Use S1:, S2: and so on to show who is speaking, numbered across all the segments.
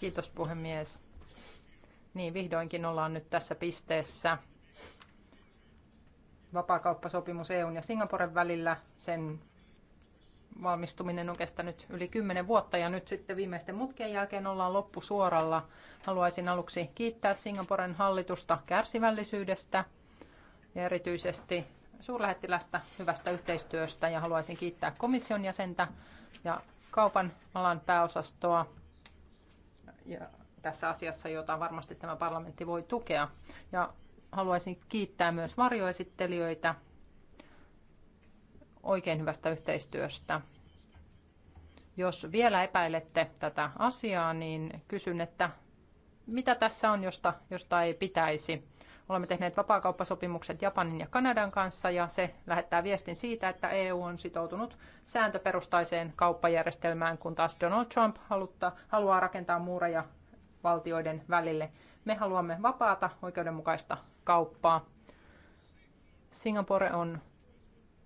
S1: Kiitos puhemies. Niin, vihdoinkin ollaan nyt tässä pisteessä. Vapaakauppasopimus EUn ja Singaporen välillä, sen valmistuminen on kestänyt yli 10 vuotta ja nyt sitten viimeisten mutkien jälkeen ollaan loppusuoralla. Haluaisin aluksi kiittää Singaporen hallitusta kärsivällisyydestä ja erityisesti suurlähettilästä hyvästä yhteistyöstä ja haluaisin kiittää komission jäsentä ja kaupan alan pääosastoa ja tässä asiassa, jota varmasti tämä parlamentti voi tukea. Ja haluaisin kiittää myös varjoesittelijöitä oikein hyvästä yhteistyöstä. Jos vielä epäilette tätä asiaa, niin kysyn, että mitä tässä on, josta, josta ei pitäisi. Olemme tehneet vapaakauppasopimukset Japanin ja Kanadan kanssa ja se lähettää viestin siitä, että EU on sitoutunut sääntöperustaiseen kauppajärjestelmään, kun taas Donald Trump halutta, haluaa rakentaa muureja valtioiden välille. Me haluamme vapaata, oikeudenmukaista kauppaa. Singapore on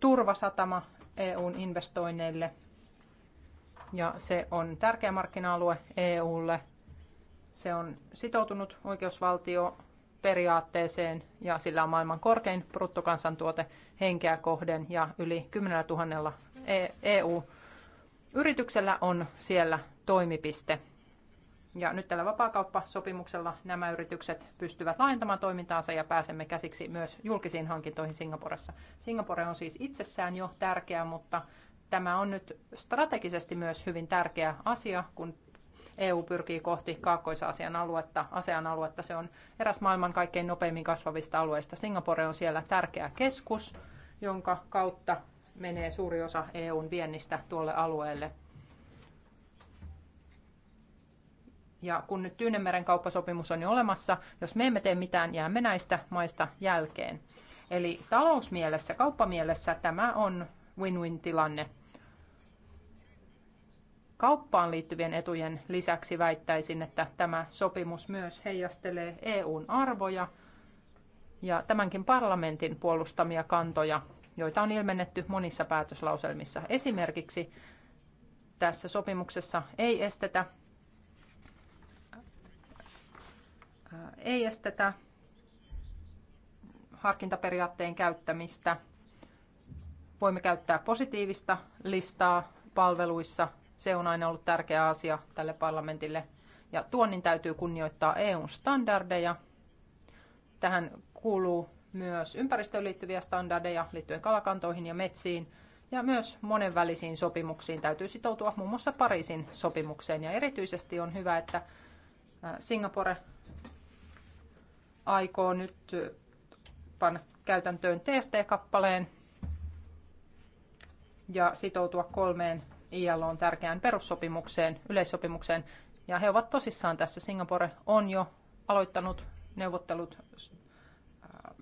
S1: turvasatama EUn investoinneille ja se on tärkeä markkina-alue EUlle. Se on sitoutunut oikeusvaltio periaatteeseen ja sillä on maailman korkein bruttokansantuote henkeä kohden ja yli 10 000 EU-yrityksellä on siellä toimipiste. Ja nyt tällä vapaakauppasopimuksella nämä yritykset pystyvät laajentamaan toimintaansa ja pääsemme käsiksi myös julkisiin hankintoihin Singaporessa. Singapore on siis itsessään jo tärkeä, mutta tämä on nyt strategisesti myös hyvin tärkeä asia, kun EU pyrkii kohti Kaakkois-Aasian aluetta, ASEAN aluetta. Se on eräs maailman kaikkein nopeimmin kasvavista alueista. Singapore on siellä tärkeä keskus, jonka kautta menee suuri osa EUn viennistä tuolle alueelle. Ja kun nyt Tyynemeren kauppasopimus on jo olemassa, jos me emme tee mitään, jäämme näistä maista jälkeen. Eli talousmielessä, kauppamielessä tämä on win-win tilanne kauppaan liittyvien etujen lisäksi väittäisin, että tämä sopimus myös heijastelee EUn arvoja ja tämänkin parlamentin puolustamia kantoja, joita on ilmennetty monissa päätöslauselmissa. Esimerkiksi tässä sopimuksessa ei estetä, äh, ei estetä harkintaperiaatteen käyttämistä. Voimme käyttää positiivista listaa palveluissa se on aina ollut tärkeä asia tälle parlamentille. Ja tuonnin täytyy kunnioittaa EUn standardeja. Tähän kuuluu myös ympäristöön liittyviä standardeja liittyen kalakantoihin ja metsiin. Ja myös monenvälisiin sopimuksiin täytyy sitoutua muun muassa Pariisin sopimukseen. Ja erityisesti on hyvä, että Singapore aikoo nyt panna käytäntöön TST-kappaleen ja sitoutua kolmeen on tärkeään perussopimukseen, yleissopimukseen. Ja he ovat tosissaan tässä. Singapore on jo aloittanut neuvottelut äh,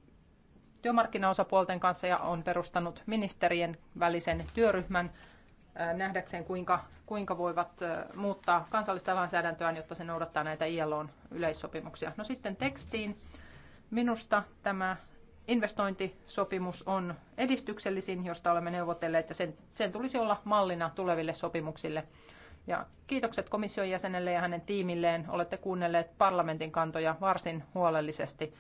S1: työmarkkinaosapuolten kanssa ja on perustanut ministerien välisen työryhmän äh, nähdäkseen, kuinka, kuinka voivat äh, muuttaa kansallista lainsäädäntöä, jotta se noudattaa näitä ILOn yleissopimuksia. No sitten tekstiin. Minusta tämä investointisopimus on edistyksellisin, josta olemme neuvotelleet, ja sen, sen tulisi olla mallina tuleville sopimuksille. Ja kiitokset komission jäsenelle ja hänen tiimilleen. Olette kuunnelleet parlamentin kantoja varsin huolellisesti,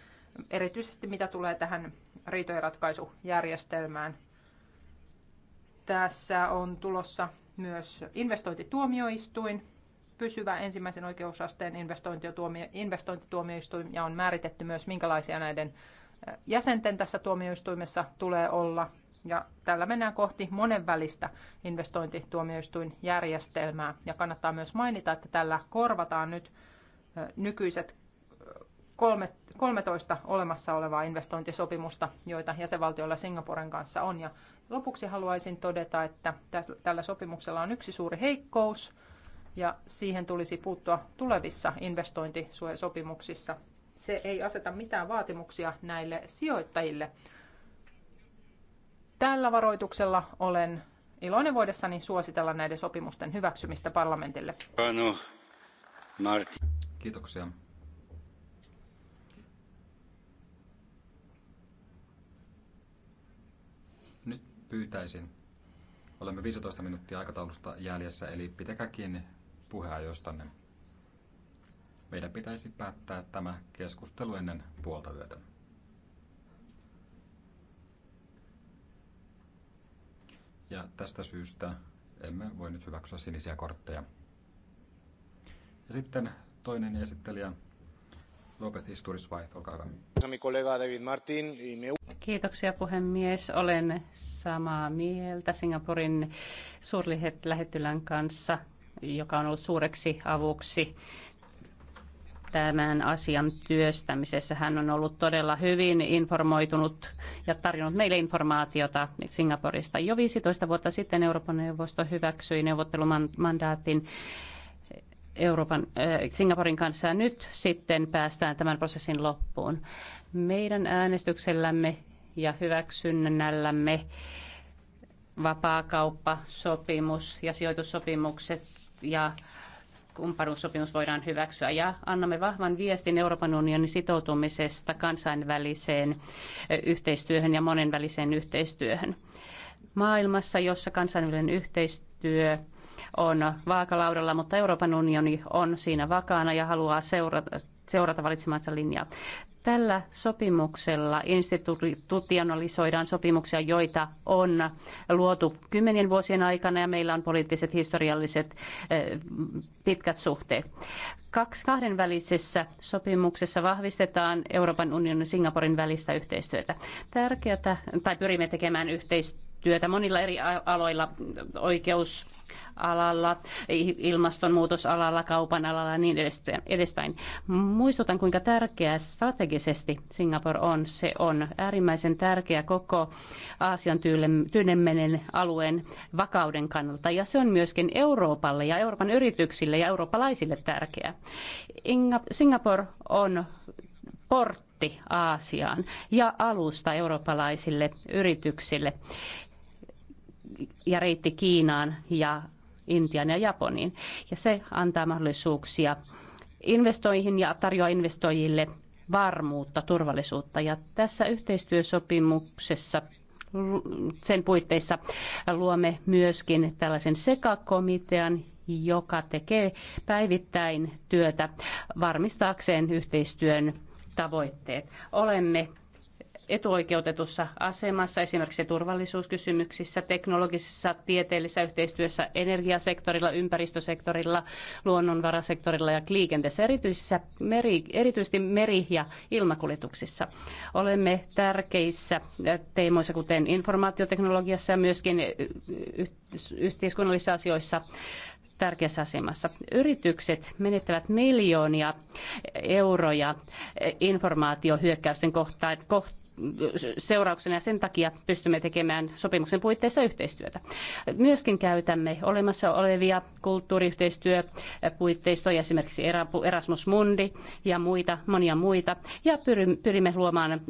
S1: erityisesti mitä tulee tähän riitojen ratkaisujärjestelmään. Tässä on tulossa myös investointituomioistuin, pysyvä ensimmäisen oikeusasteen investointituomioistuin ja on määritetty myös, minkälaisia näiden jäsenten tässä tuomioistuimessa tulee olla. Ja tällä mennään kohti monenvälistä investointituomioistuinjärjestelmää. Ja kannattaa myös mainita, että tällä korvataan nyt nykyiset 13 olemassa olevaa investointisopimusta, joita jäsenvaltioilla Singaporen kanssa on. Ja lopuksi haluaisin todeta, että tällä sopimuksella on yksi suuri heikkous, ja siihen tulisi puuttua tulevissa investointisuojasopimuksissa se ei aseta mitään vaatimuksia näille sijoittajille. Tällä varoituksella olen iloinen voidessani suositella näiden sopimusten hyväksymistä parlamentille.
S2: Kiitoksia. Nyt pyytäisin. Olemme 15 minuuttia aikataulusta jäljessä, eli pitäkää kiinni puheenjohtajanne. Meidän pitäisi päättää tämä keskustelu ennen puolta yötä. Ja tästä syystä emme voi nyt hyväksyä sinisiä kortteja. Ja sitten toinen esittelijä, Lopez Isturis Vaith, olkaa hyvä.
S3: Kiitoksia puhemies. Olen samaa mieltä Singaporin suurlähettilän kanssa, joka on ollut suureksi avuksi tämän asian työstämisessä. Hän on ollut todella hyvin informoitunut ja tarjonnut meille informaatiota Singaporesta. Jo 15 vuotta sitten Euroopan neuvosto hyväksyi neuvottelumandaatin Euroopan, äh, Singaporin kanssa ja nyt sitten päästään tämän prosessin loppuun. Meidän äänestyksellämme ja hyväksynnällämme sopimus ja sijoitussopimukset ja kumppanuussopimus voidaan hyväksyä ja annamme vahvan viestin Euroopan unionin sitoutumisesta kansainväliseen yhteistyöhön ja monenväliseen yhteistyöhön. Maailmassa, jossa kansainvälinen yhteistyö on vaakalaudalla, mutta Euroopan unioni on siinä vakaana ja haluaa seurata seurata valitsemansa linjaa. Tällä sopimuksella institutionalisoidaan sopimuksia, joita on luotu kymmenien vuosien aikana ja meillä on poliittiset historialliset eh, pitkät suhteet. Kaksi kahdenvälisessä sopimuksessa vahvistetaan Euroopan unionin ja Singaporen välistä yhteistyötä. Tärkeätä, tai pyrimme tekemään yhteistyötä monilla eri aloilla, oikeus, alalla, ilmastonmuutosalalla, kaupan alalla ja niin edespäin. Muistutan, kuinka tärkeää strategisesti Singapore on. Se on äärimmäisen tärkeä koko Aasian tyynemmenen alueen vakauden kannalta ja se on myöskin Euroopalle ja Euroopan yrityksille ja eurooppalaisille tärkeä. Singapore on portti Aasiaan ja alusta eurooppalaisille yrityksille ja reitti Kiinaan ja Intian ja Japaniin. Ja se antaa mahdollisuuksia investoihin ja tarjoaa investoijille varmuutta, turvallisuutta. Ja tässä yhteistyösopimuksessa sen puitteissa luomme myöskin tällaisen sekakomitean, joka tekee päivittäin työtä varmistaakseen yhteistyön tavoitteet. Olemme etuoikeutetussa asemassa esimerkiksi turvallisuuskysymyksissä, teknologisessa, tieteellisessä yhteistyössä, energiasektorilla, ympäristösektorilla, luonnonvarasektorilla ja liikenteessä, meri, erityisesti meri- ja ilmakuljetuksissa. Olemme tärkeissä teemoissa, kuten informaatioteknologiassa ja myöskin yhteiskunnallisissa asioissa tärkeässä asemassa. Yritykset menettävät miljoonia euroja informaatiohyökkäysten kohtaan, seurauksena ja sen takia pystymme tekemään sopimuksen puitteissa yhteistyötä. Myöskin käytämme olemassa olevia kulttuuriyhteistyöpuitteistoja, esimerkiksi Erasmus Mundi ja muita, monia muita, ja pyrimme luomaan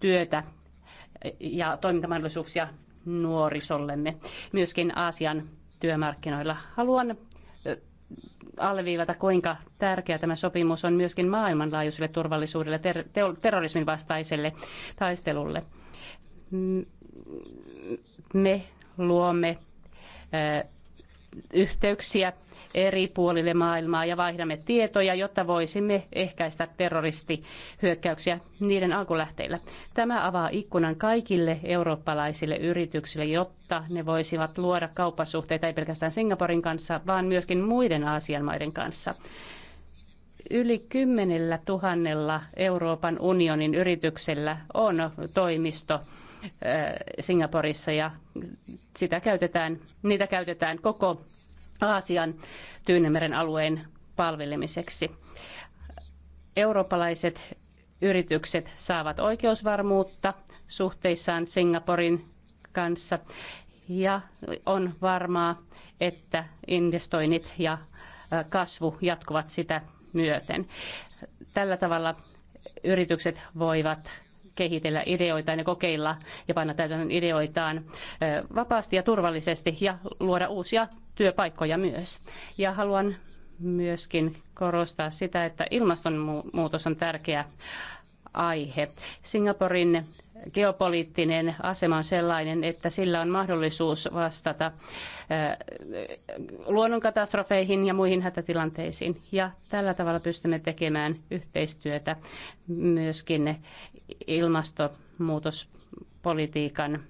S3: työtä ja toimintamahdollisuuksia nuorisollemme myöskin Aasian työmarkkinoilla. Haluan alleviivata, kuinka tärkeä tämä sopimus on myöskin maailmanlaajuiselle turvallisuudelle, ter- terrorismin vastaiselle taistelulle. Me luomme yhteyksiä eri puolille maailmaa ja vaihdamme tietoja, jotta voisimme ehkäistä terroristihyökkäyksiä niiden alkulähteillä. Tämä avaa ikkunan kaikille eurooppalaisille yrityksille, jotta ne voisivat luoda kauppasuhteita ei pelkästään Singaporin kanssa, vaan myöskin muiden Aasian maiden kanssa yli kymmenellä tuhannella Euroopan unionin yrityksellä on toimisto Singaporissa ja sitä käytetään, niitä käytetään koko Aasian Tyynemeren alueen palvelemiseksi. Eurooppalaiset yritykset saavat oikeusvarmuutta suhteissaan Singaporin kanssa ja on varmaa, että investoinnit ja kasvu jatkuvat sitä myöten. Tällä tavalla yritykset voivat kehitellä ideoitaan ja kokeilla ja panna täytäntöön ideoitaan vapaasti ja turvallisesti ja luoda uusia työpaikkoja myös. Ja haluan myöskin korostaa sitä, että ilmastonmuutos on tärkeä aihe. Singaporin geopoliittinen asema on sellainen, että sillä on mahdollisuus vastata luonnonkatastrofeihin ja muihin hätätilanteisiin. Ja tällä tavalla pystymme tekemään yhteistyötä myöskin ilmastonmuutospolitiikan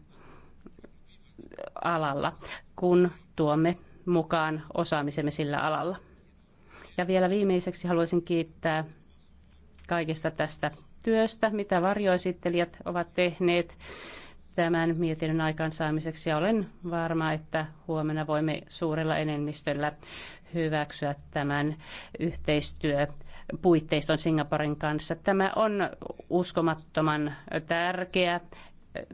S3: alalla, kun tuomme mukaan osaamisemme sillä alalla. Ja vielä viimeiseksi haluaisin kiittää kaikesta tästä työstä, mitä varjoesittelijät ovat tehneet tämän mietinnön aikaansaamiseksi. Ja olen varma, että huomenna voimme suurella enemmistöllä hyväksyä tämän yhteistyö puitteiston Singaporen kanssa. Tämä on uskomattoman tärkeä eh,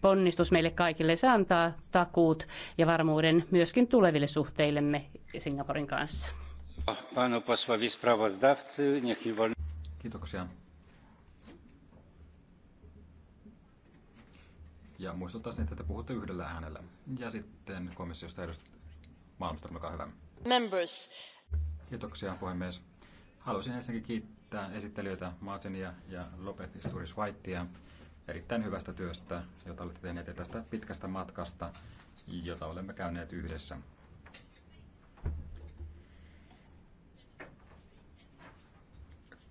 S3: ponnistus meille kaikille. Se antaa takuut ja varmuuden myöskin tuleville suhteillemme Singaporen
S2: kanssa. Kiitoksia. Ja muistuttaisin, että te puhutte yhdellä äänellä. Ja sitten komissiosta edustat Malmström, olkaa hyvä.
S3: Members.
S2: Kiitoksia puhemies. Haluaisin ensinnäkin kiittää esittelijöitä Martinia ja lopet Isturis Whitea erittäin hyvästä työstä, jota olette tehneet tästä pitkästä matkasta, jota olemme käyneet yhdessä.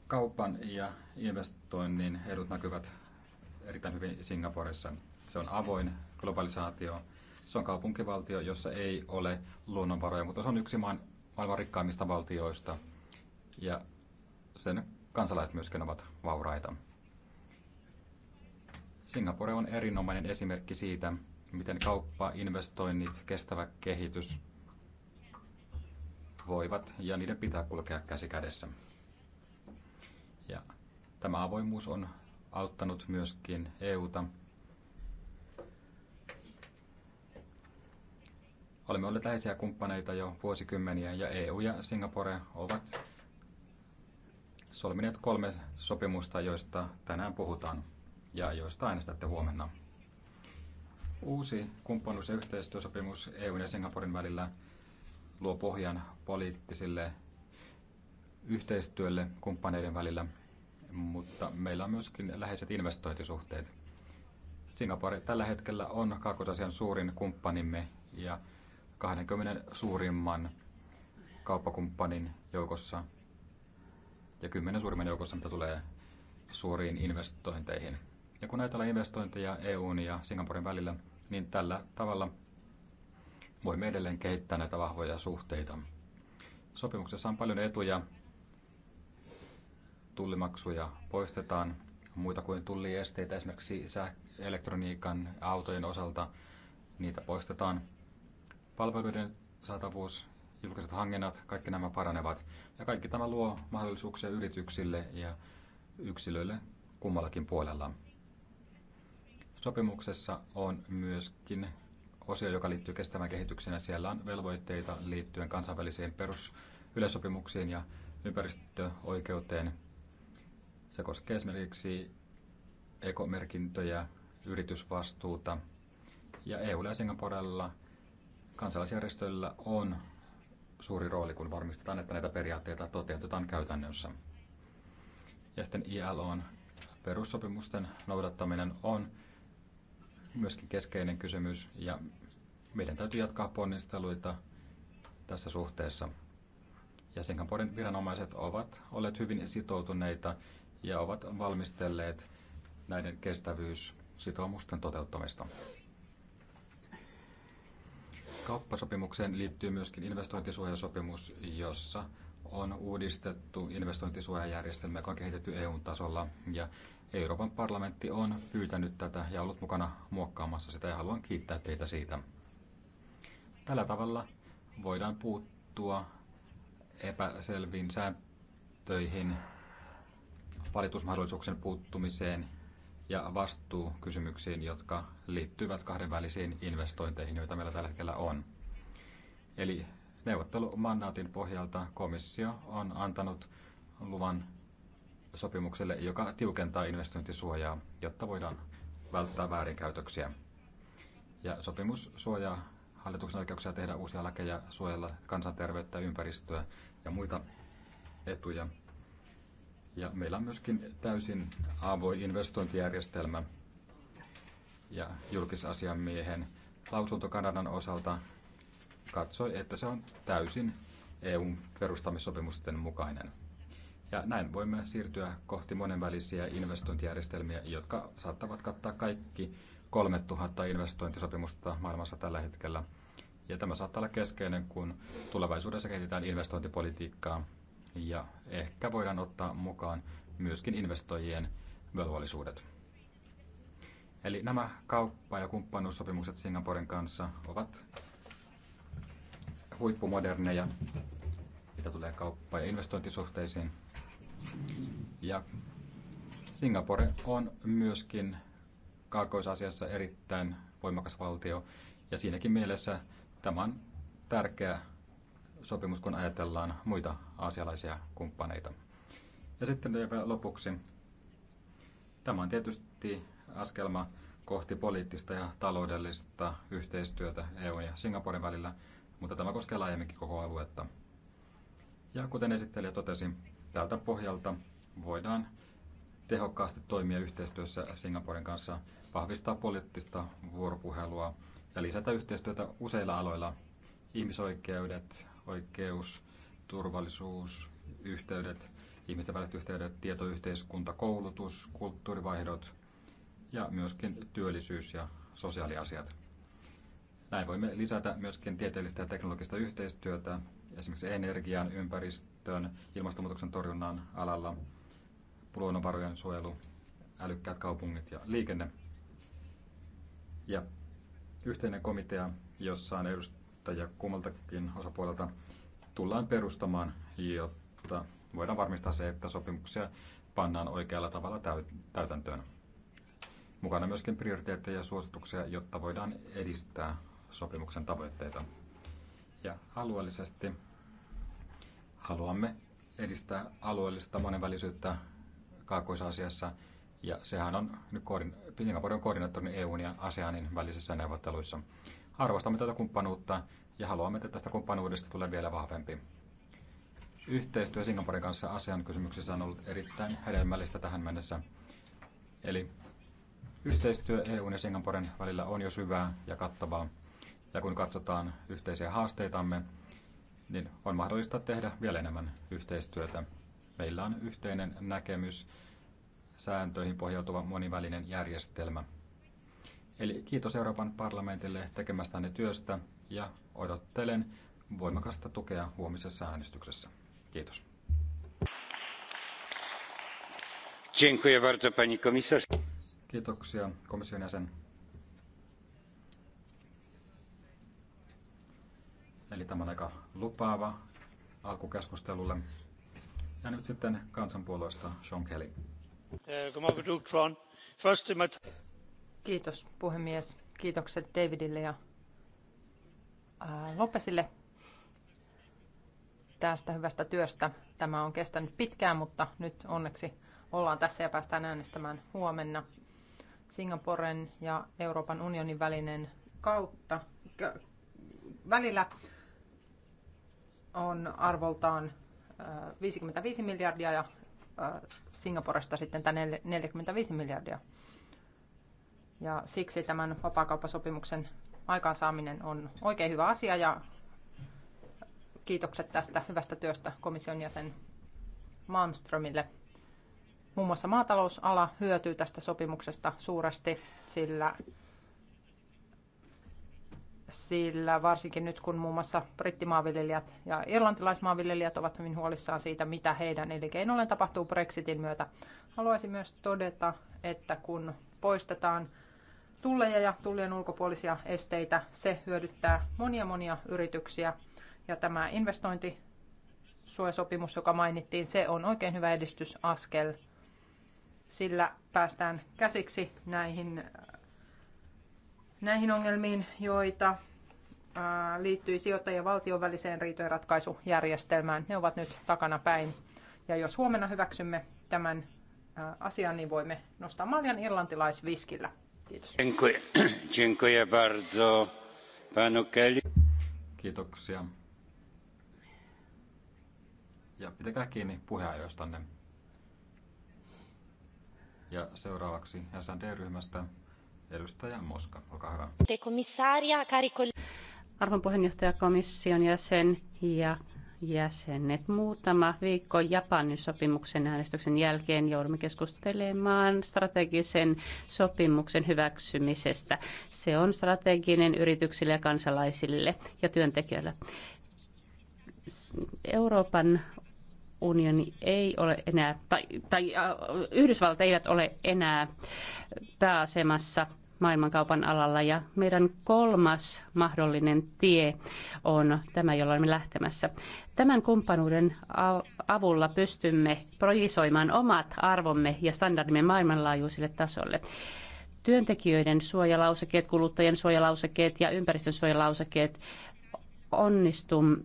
S2: Kaupan ja investoinnin edut näkyvät erittäin hyvin Singaporessa. Se on avoin globalisaatio. Se on kaupunkivaltio, jossa ei ole luonnonvaroja, mutta se on yksi maailman rikkaimmista valtioista – ja sen kansalaiset myöskin ovat vauraita. Singapore on erinomainen esimerkki siitä, miten kauppa, investoinnit, kestävä kehitys voivat ja niiden pitää kulkea käsi kädessä. Ja tämä avoimuus on auttanut myöskin EUta. Olemme olleet läheisiä kumppaneita jo vuosikymmeniä ja EU ja Singapore ovat solmineet kolme sopimusta, joista tänään puhutaan ja joista äänestätte huomenna. Uusi kumppanuus- ja yhteistyösopimus EUn ja Singaporen välillä luo pohjan poliittisille yhteistyölle kumppaneiden välillä, mutta meillä on myöskin läheiset investointisuhteet. Singapore tällä hetkellä on Kaakkois-Asian suurin kumppanimme ja 20 suurimman kauppakumppanin joukossa – ja kymmenen suurimman joukossa, mitä tulee suoriin investointeihin. Ja kun ajatellaan investointeja EUn ja Singaporen välillä, niin tällä tavalla voimme edelleen kehittää näitä vahvoja suhteita. Sopimuksessa on paljon etuja. Tullimaksuja poistetaan, muita kuin tulliesteitä esimerkiksi elektroniikan autojen osalta, niitä poistetaan. Palveluiden saatavuus julkiset hankinnat, kaikki nämä paranevat. Ja kaikki tämä luo mahdollisuuksia yrityksille ja yksilöille kummallakin puolella. Sopimuksessa on myöskin osio, joka liittyy kestävän kehitykseen. siellä on velvoitteita liittyen kansainvälisiin perusyleisopimuksiin ja ympäristöoikeuteen. Se koskee esimerkiksi ekomerkintöjä, yritysvastuuta ja EU- ja Singaporella kansalaisjärjestöillä on suuri rooli, kun varmistetaan, että näitä periaatteita toteutetaan käytännössä. Ja sitten ILOn perussopimusten noudattaminen on myöskin keskeinen kysymys ja meidän täytyy jatkaa ponnisteluita tässä suhteessa. Ja Singaporen viranomaiset ovat olleet hyvin sitoutuneita ja ovat valmistelleet näiden kestävyyssitoumusten toteuttamista. Kauppasopimukseen liittyy myöskin investointisuojasopimus, jossa on uudistettu investointisuojajärjestelmä, joka on kehitetty EU-tasolla. Ja Euroopan parlamentti on pyytänyt tätä ja ollut mukana muokkaamassa sitä ja haluan kiittää teitä siitä. Tällä tavalla voidaan puuttua epäselviin sääntöihin, valitusmahdollisuuksien puuttumiseen ja vastuu kysymyksiin, jotka liittyvät kahdenvälisiin investointeihin, joita meillä tällä hetkellä on. Eli neuvottelumandaatin pohjalta komissio on antanut luvan sopimukselle, joka tiukentaa investointisuojaa, jotta voidaan välttää väärinkäytöksiä. Ja sopimus suojaa hallituksen oikeuksia tehdä uusia lakeja, suojella kansanterveyttä, ympäristöä ja muita etuja ja meillä on myöskin täysin avoin investointijärjestelmä ja julkisasiamiehen lausunto Kanadan osalta katsoi, että se on täysin EUn perustamissopimusten mukainen. Ja näin voimme siirtyä kohti monenvälisiä investointijärjestelmiä, jotka saattavat kattaa kaikki 3000 investointisopimusta maailmassa tällä hetkellä. Ja tämä saattaa olla keskeinen, kun tulevaisuudessa kehitetään investointipolitiikkaa ja ehkä voidaan ottaa mukaan myöskin investoijien velvollisuudet. Eli nämä kauppa- ja kumppanuussopimukset Singaporen kanssa ovat huippumoderneja, mitä tulee kauppa- ja investointisuhteisiin. Ja Singapore on myöskin kaakkois erittäin voimakas valtio, ja siinäkin mielessä tämä on tärkeä sopimus, kun ajatellaan muita aasialaisia kumppaneita. Ja sitten vielä lopuksi. Tämä on tietysti askelma kohti poliittista ja taloudellista yhteistyötä EUn ja Singaporen välillä, mutta tämä koskee laajemminkin koko aluetta. Ja kuten esittelijä totesi, tältä pohjalta voidaan tehokkaasti toimia yhteistyössä Singaporen kanssa, vahvistaa poliittista vuoropuhelua ja lisätä yhteistyötä useilla aloilla, ihmisoikeudet, oikeus, turvallisuus, yhteydet, ihmisten väliset yhteydet, tietoyhteiskunta, koulutus, kulttuurivaihdot ja myöskin työllisyys ja sosiaaliasiat. Näin voimme lisätä myöskin tieteellistä ja teknologista yhteistyötä esimerkiksi energian, ympäristön, ilmastonmuutoksen torjunnan alalla, luonnonvarojen suojelu, älykkäät kaupungit ja liikenne. Ja yhteinen komitea, jossa on edustettu ja kummaltakin osapuolelta tullaan perustamaan, jotta voidaan varmistaa se, että sopimuksia pannaan oikealla tavalla täytäntöön. Mukana myöskin prioriteetteja ja suosituksia, jotta voidaan edistää sopimuksen tavoitteita. Ja alueellisesti haluamme edistää alueellista monenvälisyyttä Kaakkois-Asiassa, ja sehän on nyt Singaporen koordinaattorin EUn ja ASEANin välisissä neuvotteluissa arvostamme tätä kumppanuutta ja haluamme, että tästä kumppanuudesta tulee vielä vahvempi. Yhteistyö Singaporen kanssa asian kysymyksissä on ollut erittäin hedelmällistä tähän mennessä. Eli yhteistyö EUn ja Singaporen välillä on jo syvää ja kattavaa. Ja kun katsotaan yhteisiä haasteitamme, niin on mahdollista tehdä vielä enemmän yhteistyötä. Meillä on yhteinen näkemys, sääntöihin pohjautuva monivälinen järjestelmä – Eli kiitos Euroopan parlamentille tekemästäni työstä ja odottelen voimakasta tukea huomisessa
S4: äänestyksessä. Kiitos.
S2: Kiitoksia komission jäsen. Eli tämä on aika lupaava alkukeskustelulle. Ja nyt sitten kansanpuolueesta Sean Kelly.
S4: Eh,
S1: Kiitos puhemies. Kiitokset Davidille ja Lopesille tästä hyvästä työstä. Tämä on kestänyt pitkään, mutta nyt onneksi ollaan tässä ja päästään äänestämään huomenna. Singaporen ja Euroopan unionin välinen kautta välillä on arvoltaan 55 miljardia ja Singaporesta sitten tämä 45 miljardia. Ja siksi tämän vapaakauppasopimuksen aikaansaaminen on oikein hyvä asia ja kiitokset tästä hyvästä työstä komission jäsen Malmströmille. Muun muassa maatalousala hyötyy tästä sopimuksesta suuresti, sillä, sillä varsinkin nyt kun muun muassa brittimaanviljelijät ja irlantilaismaanviljelijät ovat hyvin huolissaan siitä, mitä heidän elinkeinolle tapahtuu Brexitin myötä. Haluaisin myös todeta, että kun poistetaan tulleja ja tullien ulkopuolisia esteitä. Se hyödyttää monia monia yrityksiä ja tämä investointisuojasopimus, joka mainittiin, se on oikein hyvä edistysaskel. Sillä päästään käsiksi näihin, näihin ongelmiin, joita liittyy sijoittajien ja valtion väliseen riitojenratkaisujärjestelmään. Ne ovat nyt takana päin. Ja jos huomenna hyväksymme tämän asian, niin voimme nostaa maljan irlantilaisviskillä. Kiitos.
S4: Dziękuję bardzo panu Kelly. Kiitoksia.
S2: Ja pitäkää kiinni puheajoistanne. Ja seuraavaksi SND-ryhmästä edustaja Moska, olkaa hyvä.
S3: Arvon puheenjohtaja komission jäsen ja jäsenet. Muutama viikko Japanin sopimuksen äänestyksen jälkeen joudumme keskustelemaan strategisen sopimuksen hyväksymisestä. Se on strateginen yrityksille ja kansalaisille ja työntekijöille. Euroopan unioni ei ole enää, tai, tai äh, Yhdysvallat eivät ole enää pääasemassa maailmankaupan alalla ja meidän kolmas mahdollinen tie on tämä, jolla olemme lähtemässä. Tämän kumppanuuden avulla pystymme projisoimaan omat arvomme ja standardimme maailmanlaajuiselle tasolle työntekijöiden suojalausekkeet, kuluttajien suojalausekkeet ja ympäristön suojalausekkeet onnistum,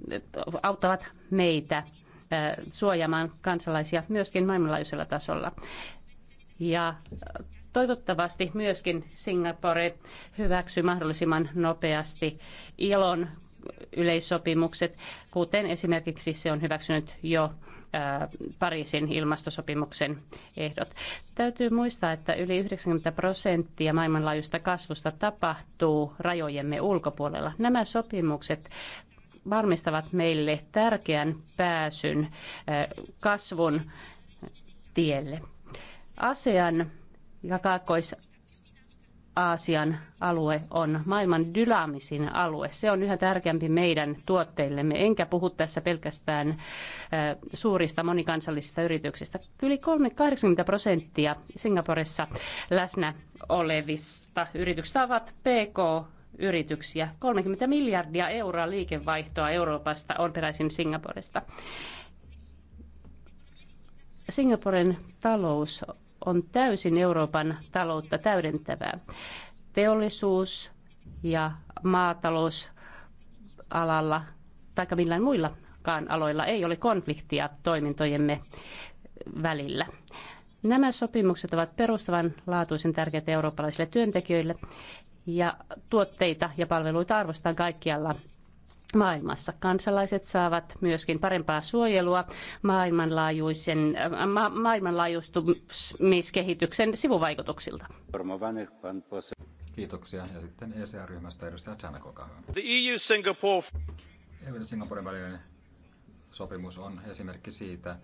S3: auttavat meitä suojaamaan kansalaisia myöskin maailmanlaajuisella tasolla. Ja Toivottavasti myöskin Singapore hyväksyy mahdollisimman nopeasti ilon yleissopimukset, kuten esimerkiksi se on hyväksynyt jo Pariisin ilmastosopimuksen ehdot. Täytyy muistaa, että yli 90 prosenttia maailmanlaajuista kasvusta tapahtuu rajojemme ulkopuolella. Nämä sopimukset varmistavat meille tärkeän pääsyn kasvun tielle. ASEAN ja Kaakkois-Aasian alue on maailman dynaamisin alue. Se on yhä tärkeämpi meidän tuotteillemme, enkä puhu tässä pelkästään suurista monikansallisista yrityksistä. Yli 80 prosenttia Singaporessa läsnä olevista yrityksistä ovat PK yrityksiä. 30 miljardia euroa liikevaihtoa Euroopasta on peräisin Singaporesta. Singaporen talous on täysin Euroopan taloutta täydentävää. Teollisuus ja maatalousalalla tai millään muillakaan aloilla ei ole konfliktia toimintojemme välillä. Nämä sopimukset ovat perustavanlaatuisen tärkeitä eurooppalaisille työntekijöille ja tuotteita ja palveluita arvostetaan kaikkialla maailmassa. Kansalaiset saavat myöskin parempaa suojelua maailmanlaajuisen, äh, ma- maailmanlaajuistumiskehityksen sivuvaikutuksilta.
S2: Kiitoksia. Ja sitten ECR-ryhmästä edustaja Chanak, olkaa hyvä. The EU Singapore. EU ja Singaporen välinen sopimus on esimerkki siitä,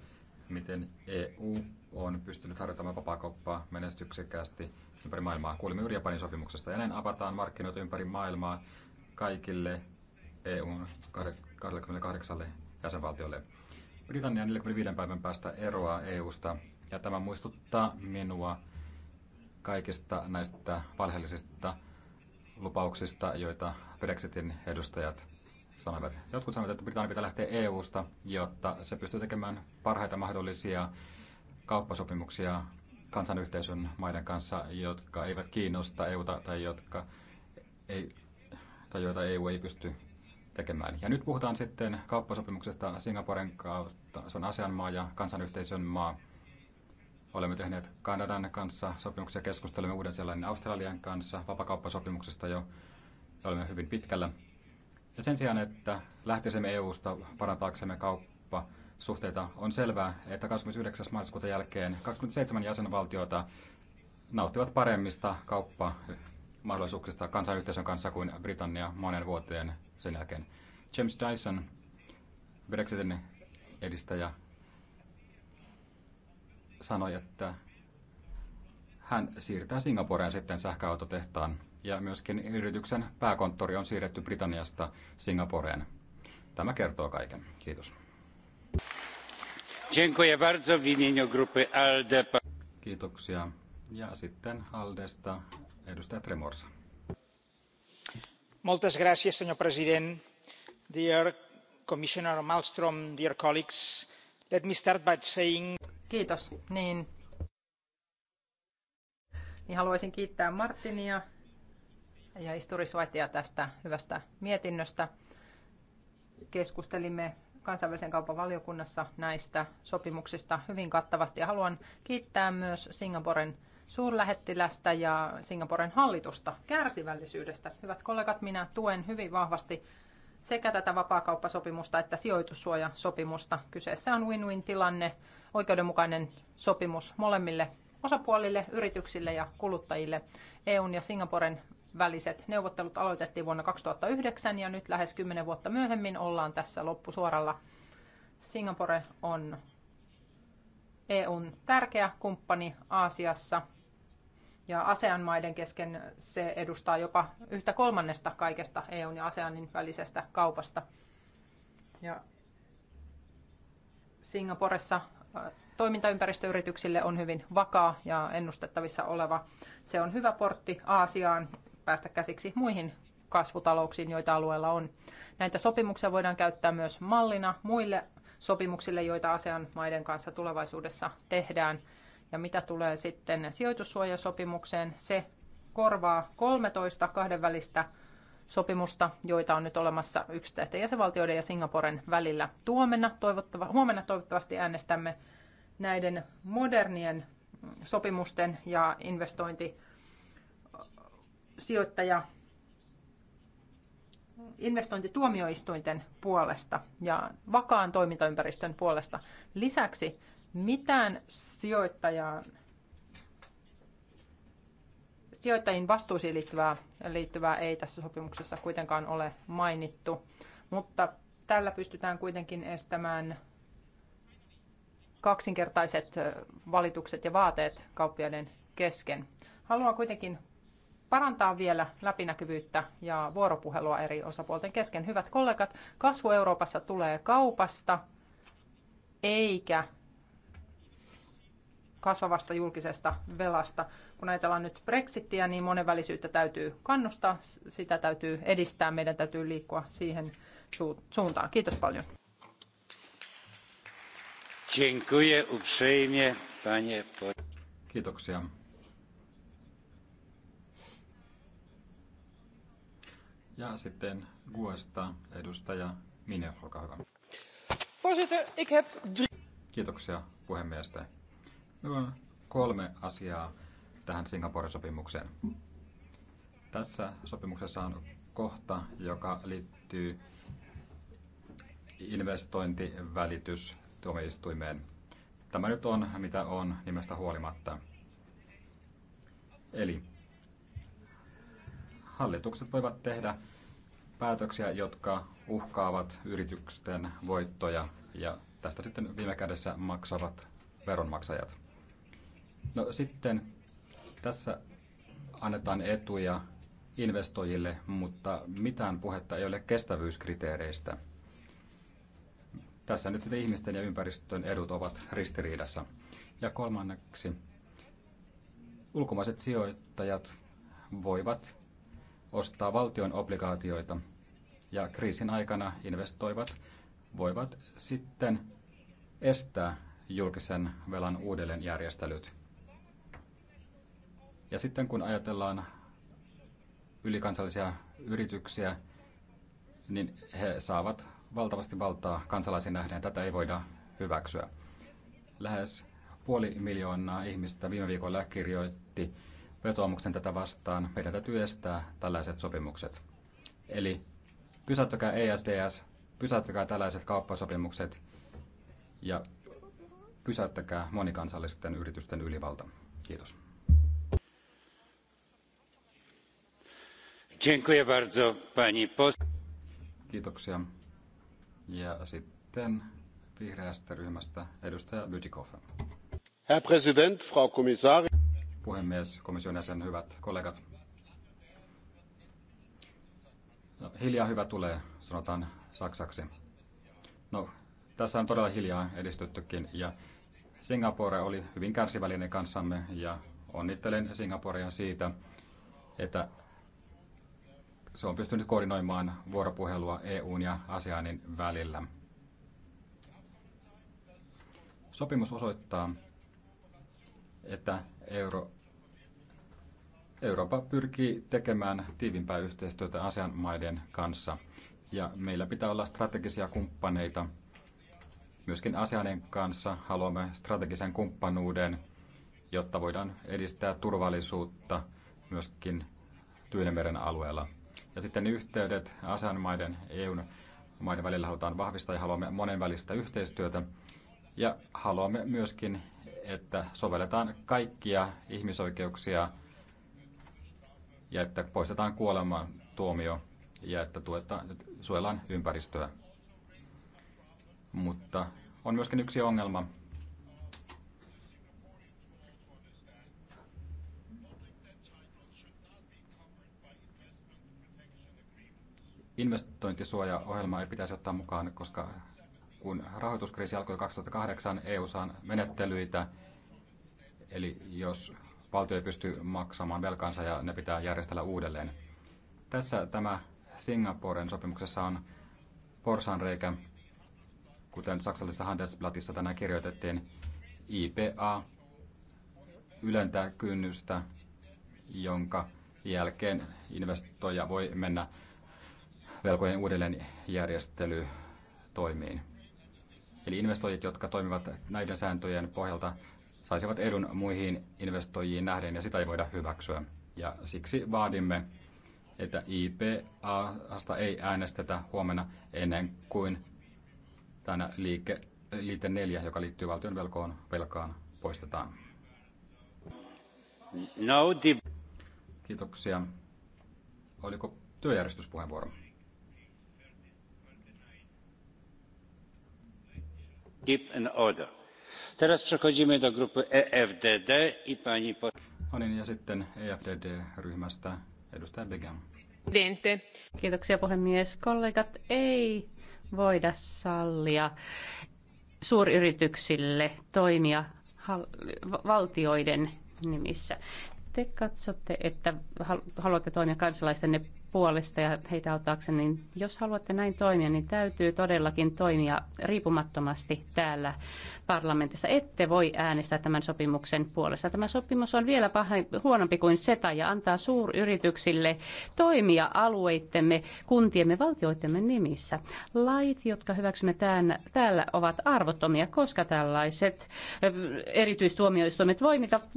S2: miten EU on pystynyt harjoittamaan vapaakauppaa menestyksekkäästi ympäri maailmaa. Kuulimme juuri Japanin sopimuksesta ja näin avataan markkinoita ympäri maailmaa kaikille EUn 28 jäsenvaltiolle. Britannia 45 päivän päästä eroaa EUsta ja tämä muistuttaa minua kaikista näistä valheellisista lupauksista, joita Brexitin edustajat sanoivat. Jotkut sanoivat, että Britannia pitää lähteä EUsta, jotta se pystyy tekemään parhaita mahdollisia kauppasopimuksia kansanyhteisön maiden kanssa, jotka eivät kiinnosta EUta tai, jotka ei, tai joita EU ei pysty tekemään. Ja nyt puhutaan sitten kauppasopimuksesta Singaporen kautta. Se on asianmaa ja kansanyhteisön maa. Olemme tehneet Kanadan kanssa sopimuksia, keskustelemme uuden sellainen Australian kanssa vapakauppasopimuksesta jo. Olemme hyvin pitkällä. Ja sen sijaan, että lähtisimme EU-sta parantaaksemme kauppa suhteita, on selvää, että 29. maaliskuuta jälkeen 27 jäsenvaltiota nauttivat paremmista kauppamahdollisuuksista kansanyhteisön kanssa kuin Britannia monen vuoteen sen jälkeen. James Dyson, Brexitin edistäjä, sanoi, että hän siirtää Singaporeen sitten sähköautotehtaan ja myöskin yrityksen pääkonttori on siirretty Britanniasta Singaporeen. Tämä kertoo kaiken. Kiitos.
S4: Kiitoksia.
S2: Ja sitten Aldesta edustaja Tremorsa
S1: señor presidente señora malmstrm kiitos. Niin. Niin haluaisin kiittää martinia ja isturisvaitia tästä hyvästä mietinnöstä. Keskustelimme kansainvälisen kaupan valiokunnassa näistä sopimuksista hyvin kattavasti ja haluan kiittää myös Singaporen suurlähettilästä ja Singaporen hallitusta kärsivällisyydestä. Hyvät kollegat, minä tuen hyvin vahvasti sekä tätä vapaakauppasopimusta että sijoitussuojasopimusta. Kyseessä on win-win tilanne, oikeudenmukainen sopimus molemmille osapuolille, yrityksille ja kuluttajille. EUn ja Singaporen väliset neuvottelut aloitettiin vuonna 2009 ja nyt lähes 10 vuotta myöhemmin ollaan tässä loppusuoralla. Singapore on EUn tärkeä kumppani Aasiassa ja ASEAN-maiden kesken se edustaa jopa yhtä kolmannesta kaikesta EUn ja ASEANin välisestä kaupasta. Ja Singaporessa toimintaympäristöyrityksille on hyvin vakaa ja ennustettavissa oleva. Se on hyvä portti Aasiaan päästä käsiksi muihin kasvutalouksiin, joita alueella on. Näitä sopimuksia voidaan käyttää myös mallina muille sopimuksille, joita ASEAN-maiden kanssa tulevaisuudessa tehdään – ja mitä tulee sitten sijoitussuojasopimukseen, se korvaa 13 kahdenvälistä sopimusta, joita on nyt olemassa yksittäisten jäsenvaltioiden ja Singaporen välillä. Tuomenna, toivottava, huomenna toivottavasti äänestämme näiden modernien sopimusten ja investointi sijoittaja investointituomioistuinten puolesta ja vakaan toimintaympäristön puolesta. Lisäksi mitään sijoittajaan, sijoittajien vastuusiin liittyvää, liittyvää ei tässä sopimuksessa kuitenkaan ole mainittu, mutta tällä pystytään kuitenkin estämään kaksinkertaiset valitukset ja vaateet kauppiaiden kesken. Haluan kuitenkin parantaa vielä läpinäkyvyyttä ja vuoropuhelua eri osapuolten kesken. Hyvät kollegat, kasvu Euroopassa tulee kaupasta eikä kasvavasta julkisesta velasta. Kun ajatellaan nyt Brexittiä, niin monenvälisyyttä täytyy kannustaa, sitä täytyy edistää, meidän täytyy liikkua siihen suuntaan. Kiitos paljon.
S4: Kiitoksia.
S2: Ja sitten Guesta edustaja Mine, olkaa hyvä. Voorzitter, ik heb drie... Kiitoksia puhemiestä. Hyvä. kolme asiaa tähän Singaporen sopimukseen. Tässä sopimuksessa on kohta, joka liittyy investointivälitys tuomioistuimeen. Tämä nyt on, mitä on nimestä huolimatta. Eli hallitukset voivat tehdä päätöksiä, jotka uhkaavat yritysten voittoja ja tästä sitten viime kädessä maksavat veronmaksajat. No sitten tässä annetaan etuja investoijille, mutta mitään puhetta ei ole kestävyyskriteereistä. Tässä nyt sitten ihmisten ja ympäristön edut ovat ristiriidassa. Ja kolmanneksi, ulkomaiset sijoittajat voivat ostaa valtion obligaatioita ja kriisin aikana investoivat voivat sitten estää julkisen velan uudelleenjärjestelyt. Ja sitten kun ajatellaan ylikansallisia yrityksiä, niin he saavat valtavasti valtaa kansalaisiin nähden. Tätä ei voida hyväksyä. Lähes puoli miljoonaa ihmistä viime viikolla kirjoitti vetoomuksen tätä vastaan. Meidän täytyy estää tällaiset sopimukset. Eli pysäyttäkää ESDS, pysäyttäkää tällaiset kauppasopimukset ja pysäyttäkää monikansallisten yritysten ylivalta. Kiitos.
S4: Kiitoksia. Ja
S2: sitten vihreästä ryhmästä edustaja Bytikofer.
S4: Herr Präsident, Frau Kommissarin.
S2: Puhemies, komission jäsen, hyvät kollegat. No, hiljaa hyvä tulee, sanotaan saksaksi. No, tässä on todella hiljaa edistyttykin ja Singapore oli hyvin kärsivällinen kanssamme ja onnittelen Singaporea siitä, että se on pystynyt koordinoimaan vuoropuhelua EUn ja ASEANin välillä. Sopimus osoittaa, että Euro, Eurooppa pyrkii tekemään tiivimpää yhteistyötä ASEAN maiden kanssa. Ja meillä pitää olla strategisia kumppaneita. Myöskin ASEANin kanssa haluamme strategisen kumppanuuden, jotta voidaan edistää turvallisuutta myöskin Tyynemeren alueella. Ja sitten yhteydet maiden EUn maiden välillä halutaan vahvistaa ja haluamme monenvälistä yhteistyötä. Ja haluamme myöskin, että sovelletaan kaikkia ihmisoikeuksia ja että poistetaan kuoleman tuomio ja että tuetaan suojellaan ympäristöä. Mutta on myöskin yksi ongelma, investointisuojaohjelmaa ei pitäisi ottaa mukaan, koska kun rahoituskriisi alkoi 2008, EU saan menettelyitä, eli jos valtio ei pysty maksamaan velkaansa ja ne pitää järjestellä uudelleen. Tässä tämä Singaporen sopimuksessa on porsanreikä, kuten saksalaisessa Handelsblattissa tänään kirjoitettiin, IPA ylentää kynnystä, jonka jälkeen investoija voi mennä velkojen toimiin. Eli investoijat, jotka toimivat näiden sääntöjen pohjalta, saisivat edun muihin investoijiin nähden ja sitä ei voida hyväksyä. Ja siksi vaadimme, että IPAsta ei äänestetä huomenna ennen kuin tänä liike, liite 4, joka liittyy valtion velkoon, velkaan, poistetaan. No, Kiitoksia. Oliko työjärjestyspuheenvuoro? No niin, ja sitten EFDD-ryhmästä edustaja Begam.
S3: Kiitoksia puhemies. Kollegat, ei voida sallia suuryrityksille toimia valtioiden nimissä. Te katsotte, että haluatte toimia kansalaistenne puolesta ja heitä auttaakseni, niin jos haluatte näin toimia, niin täytyy todellakin toimia riippumattomasti täällä parlamentissa. Ette voi äänestää tämän sopimuksen puolesta. Tämä sopimus on vielä pahin, huonompi kuin SETA ja antaa suuryrityksille toimia alueittemme, kuntiemme, valtioittemme nimissä. Lait, jotka hyväksymme tämän, täällä, ovat arvottomia, koska tällaiset erityistuomioistuimet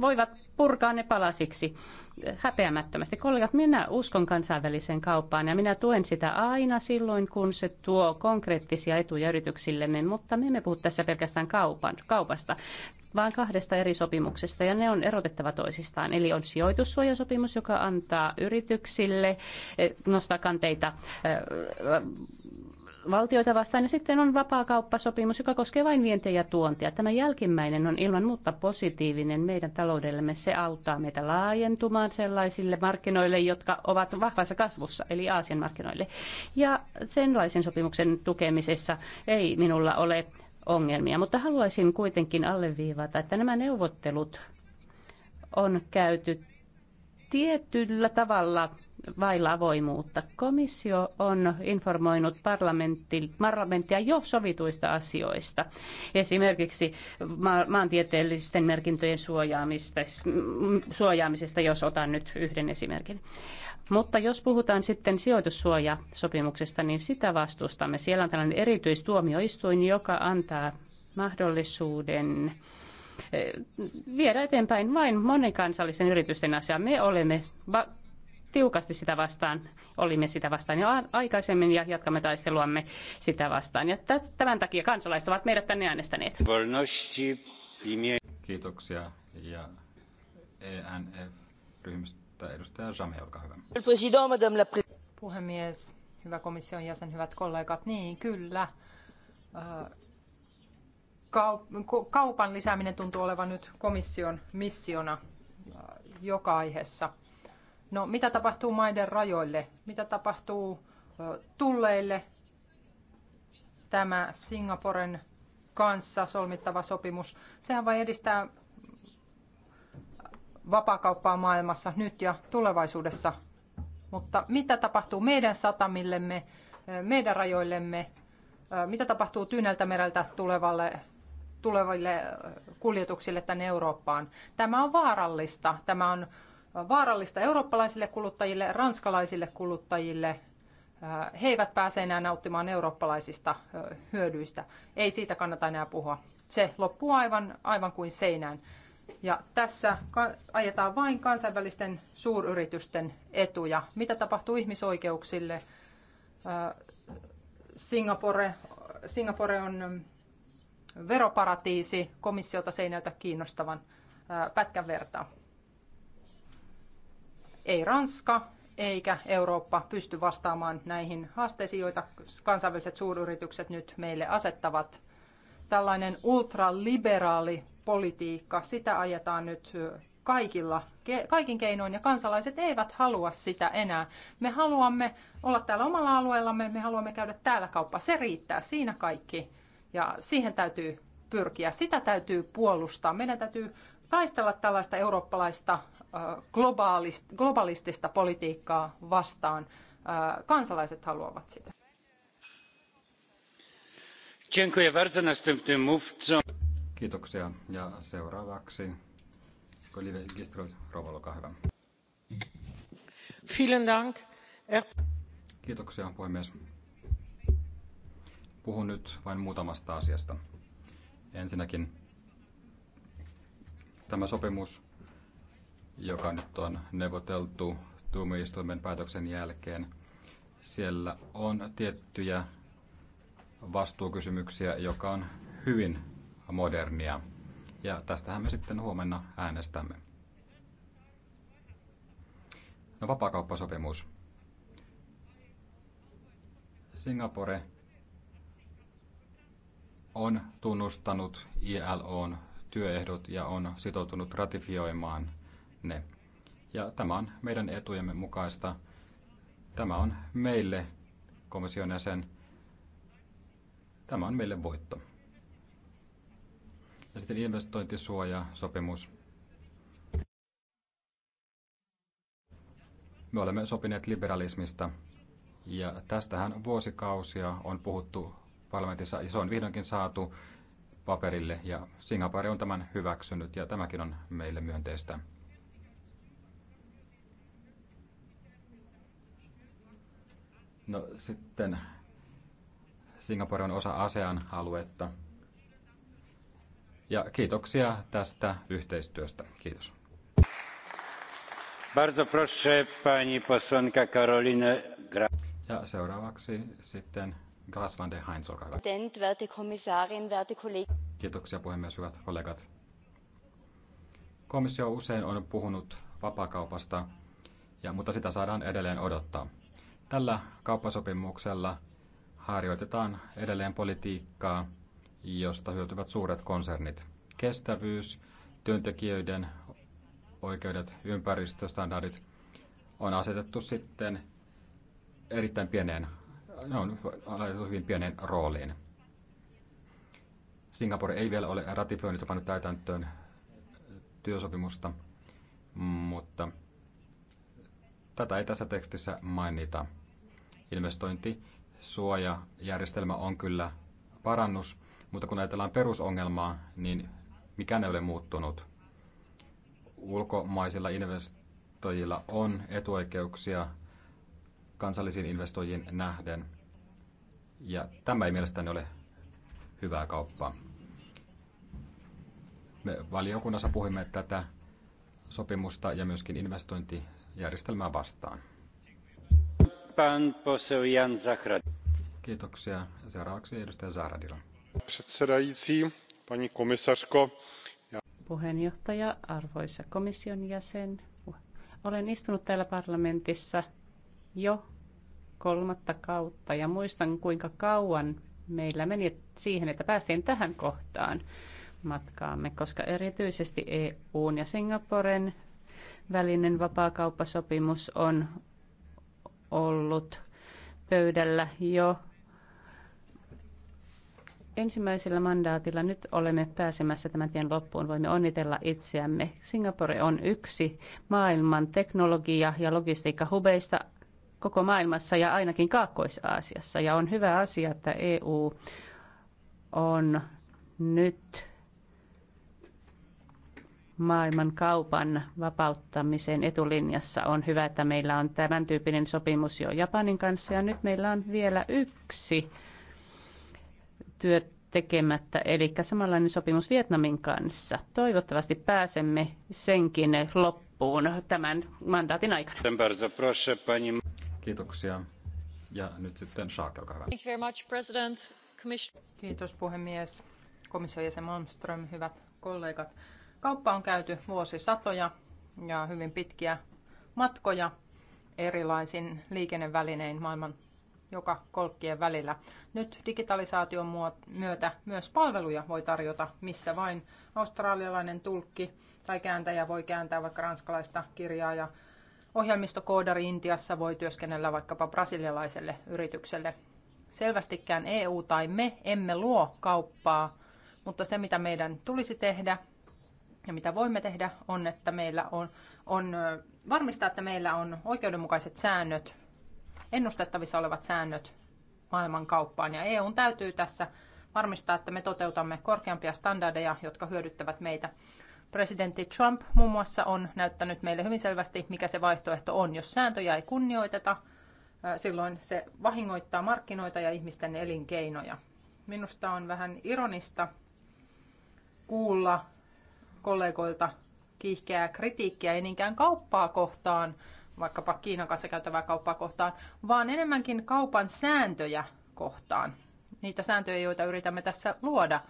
S3: voivat purkaa ne palasiksi häpeämättömästi. Kollegat, minä uskon kansainvälisesti kansainväliseen kauppaan ja minä tuen sitä aina silloin, kun se tuo konkreettisia etuja yrityksillemme, mutta me emme puhu tässä pelkästään kaupan, kaupasta vaan kahdesta eri sopimuksesta ja ne on erotettava toisistaan. Eli on sijoitussuojasopimus, joka antaa yrityksille eh, nostaa kanteita eh, valtioita vastaan ja niin sitten on vapaakauppasopimus, joka koskee vain vientiä ja tuontia. Tämä jälkimmäinen on ilman muuta positiivinen meidän taloudellemme. Se auttaa meitä laajentumaan sellaisille markkinoille, jotka ovat vahvassa kasvussa, eli Aasian markkinoille. Ja senlaisen sopimuksen tukemisessa ei minulla ole ongelmia, mutta haluaisin kuitenkin alleviivata, että nämä neuvottelut on käyty tietyllä tavalla vailla avoimuutta. Komissio on informoinut parlamenttia jo sovituista asioista, esimerkiksi ma- maantieteellisten merkintöjen suojaamista, suojaamisesta, jos otan nyt yhden esimerkin. Mutta jos puhutaan sitten sijoitussuojasopimuksesta, niin sitä vastustamme. Siellä on tällainen erityistuomioistuin, joka antaa mahdollisuuden Eh, viedä eteenpäin vain monikansallisen yritysten asiaa. Me olemme tiukasti sitä vastaan, olimme sitä vastaan jo aikaisemmin ja jatkamme taisteluamme sitä vastaan. Ja tämän takia kansalaiset ovat meidät tänne äänestäneet.
S4: Kiitoksia ja
S2: ENF-ryhmästä edustaja Jami, olkaa hyvä.
S1: Puhemies, hyvä komission jäsen, hyvät kollegat, niin kyllä kaupan lisääminen tuntuu olevan nyt komission missiona joka aiheessa. No, mitä tapahtuu maiden rajoille? Mitä tapahtuu tulleille? Tämä Singaporen kanssa solmittava sopimus, sehän vain edistää vapaakauppaa maailmassa nyt ja tulevaisuudessa. Mutta mitä tapahtuu meidän satamillemme, meidän rajoillemme, mitä tapahtuu Tyyneltä mereltä tulevalle tuleville äh, kuljetuksille tänne Eurooppaan. Tämä on vaarallista. Tämä on vaarallista eurooppalaisille kuluttajille, ranskalaisille kuluttajille. Äh, he eivät pääse enää nauttimaan eurooppalaisista äh, hyödyistä. Ei siitä kannata enää puhua. Se loppuu aivan, aivan kuin seinään. Ja tässä ajetaan vain kansainvälisten suuryritysten etuja. Mitä tapahtuu ihmisoikeuksille? Singapore, Singapore on veroparatiisi. Komissiota se ei näytä kiinnostavan pätkän vertaa. Ei Ranska eikä Eurooppa pysty vastaamaan näihin haasteisiin, joita kansainväliset suuryritykset nyt meille asettavat. Tällainen ultraliberaali politiikka, sitä ajetaan nyt kaikilla, kaikin keinoin ja kansalaiset eivät halua sitä enää. Me haluamme olla täällä omalla alueellamme, me haluamme käydä täällä kauppa, se riittää, siinä kaikki. Ja siihen täytyy pyrkiä, sitä täytyy puolustaa. Meidän täytyy taistella tällaista eurooppalaista globalistista politiikkaa vastaan. Kansalaiset haluavat sitä.
S4: Kiitoksia. Ja seuraavaksi Olive Gistrot,
S2: rouva, olkaa hyvä. Er- Kiitoksia, puhemies. Puhun nyt vain muutamasta asiasta. Ensinnäkin tämä sopimus, joka nyt on neuvoteltu tuomioistuimen päätöksen jälkeen, siellä on tiettyjä vastuukysymyksiä, joka on hyvin modernia. Ja tästähän me sitten huomenna äänestämme. No vapaakauppasopimus. Singapore on tunnustanut ILOn työehdot ja on sitoutunut ratifioimaan ne. Ja tämä on meidän etujemme mukaista. Tämä on meille, komission jäsen, tämä on meille voitto. Ja sitten investointisuojasopimus. Me olemme sopineet liberalismista ja tästähän vuosikausia on puhuttu parlamentissa. Ja se on vihdoinkin saatu paperille ja Singapore on tämän hyväksynyt ja tämäkin on meille myönteistä. No sitten Singapore on osa ASEAN-aluetta. Ja kiitoksia tästä yhteistyöstä. Kiitos.
S4: Bardzo proszę pani posłanka Karolina Gra. Ja seuraavaksi sitten Galas van de Heinz, olkaa
S3: hyvä.
S2: Kiitoksia puhemies, hyvät kollegat. Komissio usein on puhunut vapakaupasta, ja, mutta sitä saadaan edelleen odottaa. Tällä kauppasopimuksella harjoitetaan edelleen politiikkaa, josta hyötyvät suuret konsernit. Kestävyys, työntekijöiden oikeudet, ympäristöstandardit on asetettu sitten erittäin pieneen ne on laitettu hyvin pienen rooliin. Singapore ei vielä ole ratifioinut ja pannut täytäntöön työsopimusta, mutta tätä ei tässä tekstissä mainita. suojajärjestelmä on kyllä parannus, mutta kun ajatellaan perusongelmaa, niin mikä ei ole muuttunut. Ulkomaisilla investoijilla on etuoikeuksia kansallisiin investoijiin nähden. Ja tämä ei mielestäni ole hyvää kauppaa. Me valiokunnassa puhumme tätä sopimusta ja myöskin investointijärjestelmää vastaan.
S4: Pan poseł Jan Zahrad. Kiitoksia. Seuraavaksi edustaja Zahradila. Předsedající, pani komisařko.
S3: Puheenjohtaja, arvoisa komission jäsen. Olen istunut täällä parlamentissa jo kolmatta kautta ja muistan kuinka kauan meillä meni siihen, että päästiin tähän kohtaan matkaamme, koska erityisesti EUn ja Singaporen välinen vapaakauppasopimus on ollut pöydällä jo ensimmäisellä mandaatilla. Nyt olemme pääsemässä tämän tien loppuun. Voimme onnitella itseämme. Singapore on yksi maailman teknologia- ja logistiikkahubeista koko maailmassa ja ainakin Kaakkois-Aasiassa. Ja on hyvä asia, että EU on nyt maailman kaupan vapauttamisen etulinjassa. On hyvä, että meillä on tämän tyyppinen sopimus jo Japanin kanssa ja nyt meillä on vielä yksi työ tekemättä, eli samanlainen sopimus Vietnamin kanssa. Toivottavasti pääsemme senkin loppuun tämän mandaatin
S4: aikana. Kiitoksia. Ja nyt sitten Shaake, olkaa hyvä.
S1: Thank you very much, President. Kiitos puhemies. Komission jäsen Malmström, hyvät kollegat. Kauppa on käyty vuosisatoja ja hyvin pitkiä matkoja erilaisin liikennevälinein maailman joka kolkkien välillä. Nyt digitalisaation myötä myös palveluja voi tarjota missä vain. Australialainen tulkki tai kääntäjä voi kääntää vaikka ranskalaista kirjaa ja ohjelmistokoodari Intiassa voi työskennellä vaikkapa brasilialaiselle yritykselle. Selvästikään EU tai me emme luo kauppaa, mutta se mitä meidän tulisi tehdä ja mitä voimme tehdä on, että meillä on, on varmistaa, että meillä on oikeudenmukaiset säännöt, ennustettavissa olevat säännöt maailman kauppaan. Ja EUn täytyy tässä varmistaa, että me toteutamme korkeampia standardeja, jotka hyödyttävät meitä. Presidentti Trump muun muassa on näyttänyt meille hyvin selvästi, mikä se vaihtoehto on. Jos sääntöjä ei kunnioiteta, silloin se vahingoittaa markkinoita ja ihmisten elinkeinoja. Minusta on vähän ironista kuulla kollegoilta kiihkeää kritiikkiä, ei niinkään kauppaa kohtaan, vaikkapa Kiinan kanssa käytävää kauppaa kohtaan, vaan enemmänkin kaupan sääntöjä kohtaan. Niitä sääntöjä, joita yritämme tässä luoda –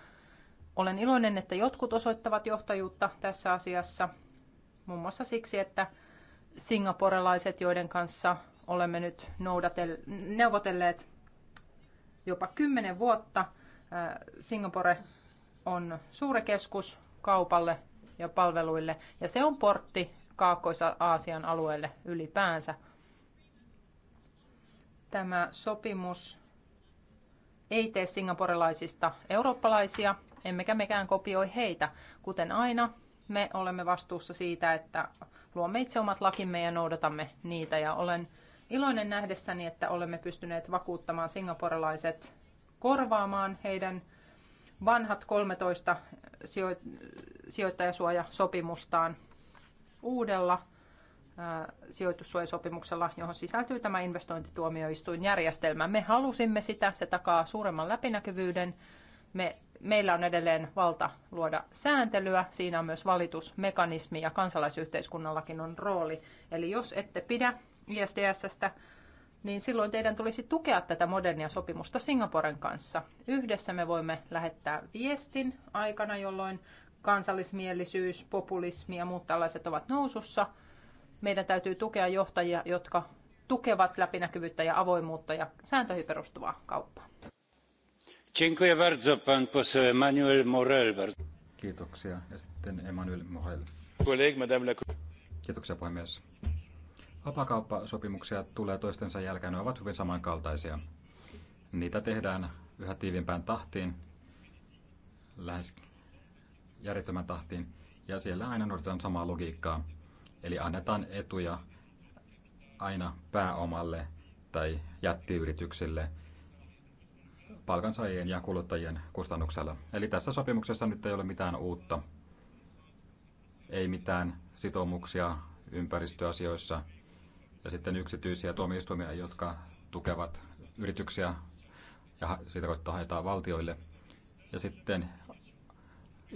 S1: olen iloinen, että jotkut osoittavat johtajuutta tässä asiassa, muun muassa siksi, että singaporelaiset, joiden kanssa olemme nyt neuvotelleet jopa kymmenen vuotta, Singapore on suuri keskus kaupalle ja palveluille, ja se on portti Kaakkois-Aasian alueelle ylipäänsä. Tämä sopimus ei tee singaporelaisista eurooppalaisia, emmekä mekään kopioi heitä. Kuten aina, me olemme vastuussa siitä, että luomme itse omat lakimme ja noudatamme niitä. Ja olen iloinen nähdessäni, että olemme pystyneet vakuuttamaan singaporelaiset korvaamaan heidän vanhat 13 sijo- sijoittajasuojasopimustaan uudella sijoitussuojasopimuksella, johon sisältyy tämä investointituomioistuinjärjestelmä. Me halusimme sitä, se takaa suuremman läpinäkyvyyden. Me meillä on edelleen valta luoda sääntelyä, siinä on myös valitusmekanismi ja kansalaisyhteiskunnallakin on rooli. Eli jos ette pidä ISDSstä, niin silloin teidän tulisi tukea tätä modernia sopimusta Singaporen kanssa. Yhdessä me voimme lähettää viestin aikana, jolloin kansallismielisyys, populismi ja muut tällaiset ovat nousussa. Meidän täytyy tukea johtajia, jotka tukevat läpinäkyvyyttä ja avoimuutta ja sääntöihin perustuvaa kauppaa.
S4: Kiitoksia. Ja sitten Emmanuel Morel. Kiitoksia
S2: puhemies. Vapakauppasopimuksia tulee toistensa jälkeen, ne ovat hyvin samankaltaisia. Niitä tehdään yhä tiivimpään tahtiin, lähes järjettömän tahtiin, ja siellä aina noudatetaan samaa logiikkaa. Eli annetaan etuja aina pääomalle tai jättiyrityksille – palkansaajien ja kuluttajien kustannuksella. Eli tässä sopimuksessa nyt ei ole mitään uutta, ei mitään sitoumuksia ympäristöasioissa ja sitten yksityisiä tuomioistuimia, jotka tukevat yrityksiä ja sitä koittaa haetaan valtioille. Ja sitten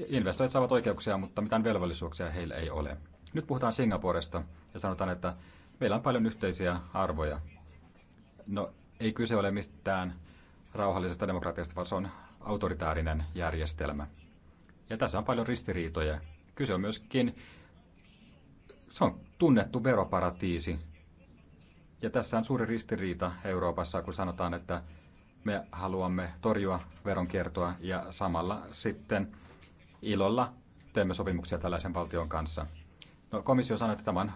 S2: investoijat saavat oikeuksia, mutta mitään velvollisuuksia heillä ei ole. Nyt puhutaan Singaporesta ja sanotaan, että meillä on paljon yhteisiä arvoja. No ei kyse ole mistään rauhallisesta demokratiasta, vaan se on autoritäärinen järjestelmä. Ja tässä on paljon ristiriitoja. Kyse on myöskin, se on tunnettu veroparatiisi. Ja tässä on suuri ristiriita Euroopassa, kun sanotaan, että me haluamme torjua veronkiertoa ja samalla sitten ilolla teemme sopimuksia tällaisen valtion kanssa. No, komissio sanoi, että tämä on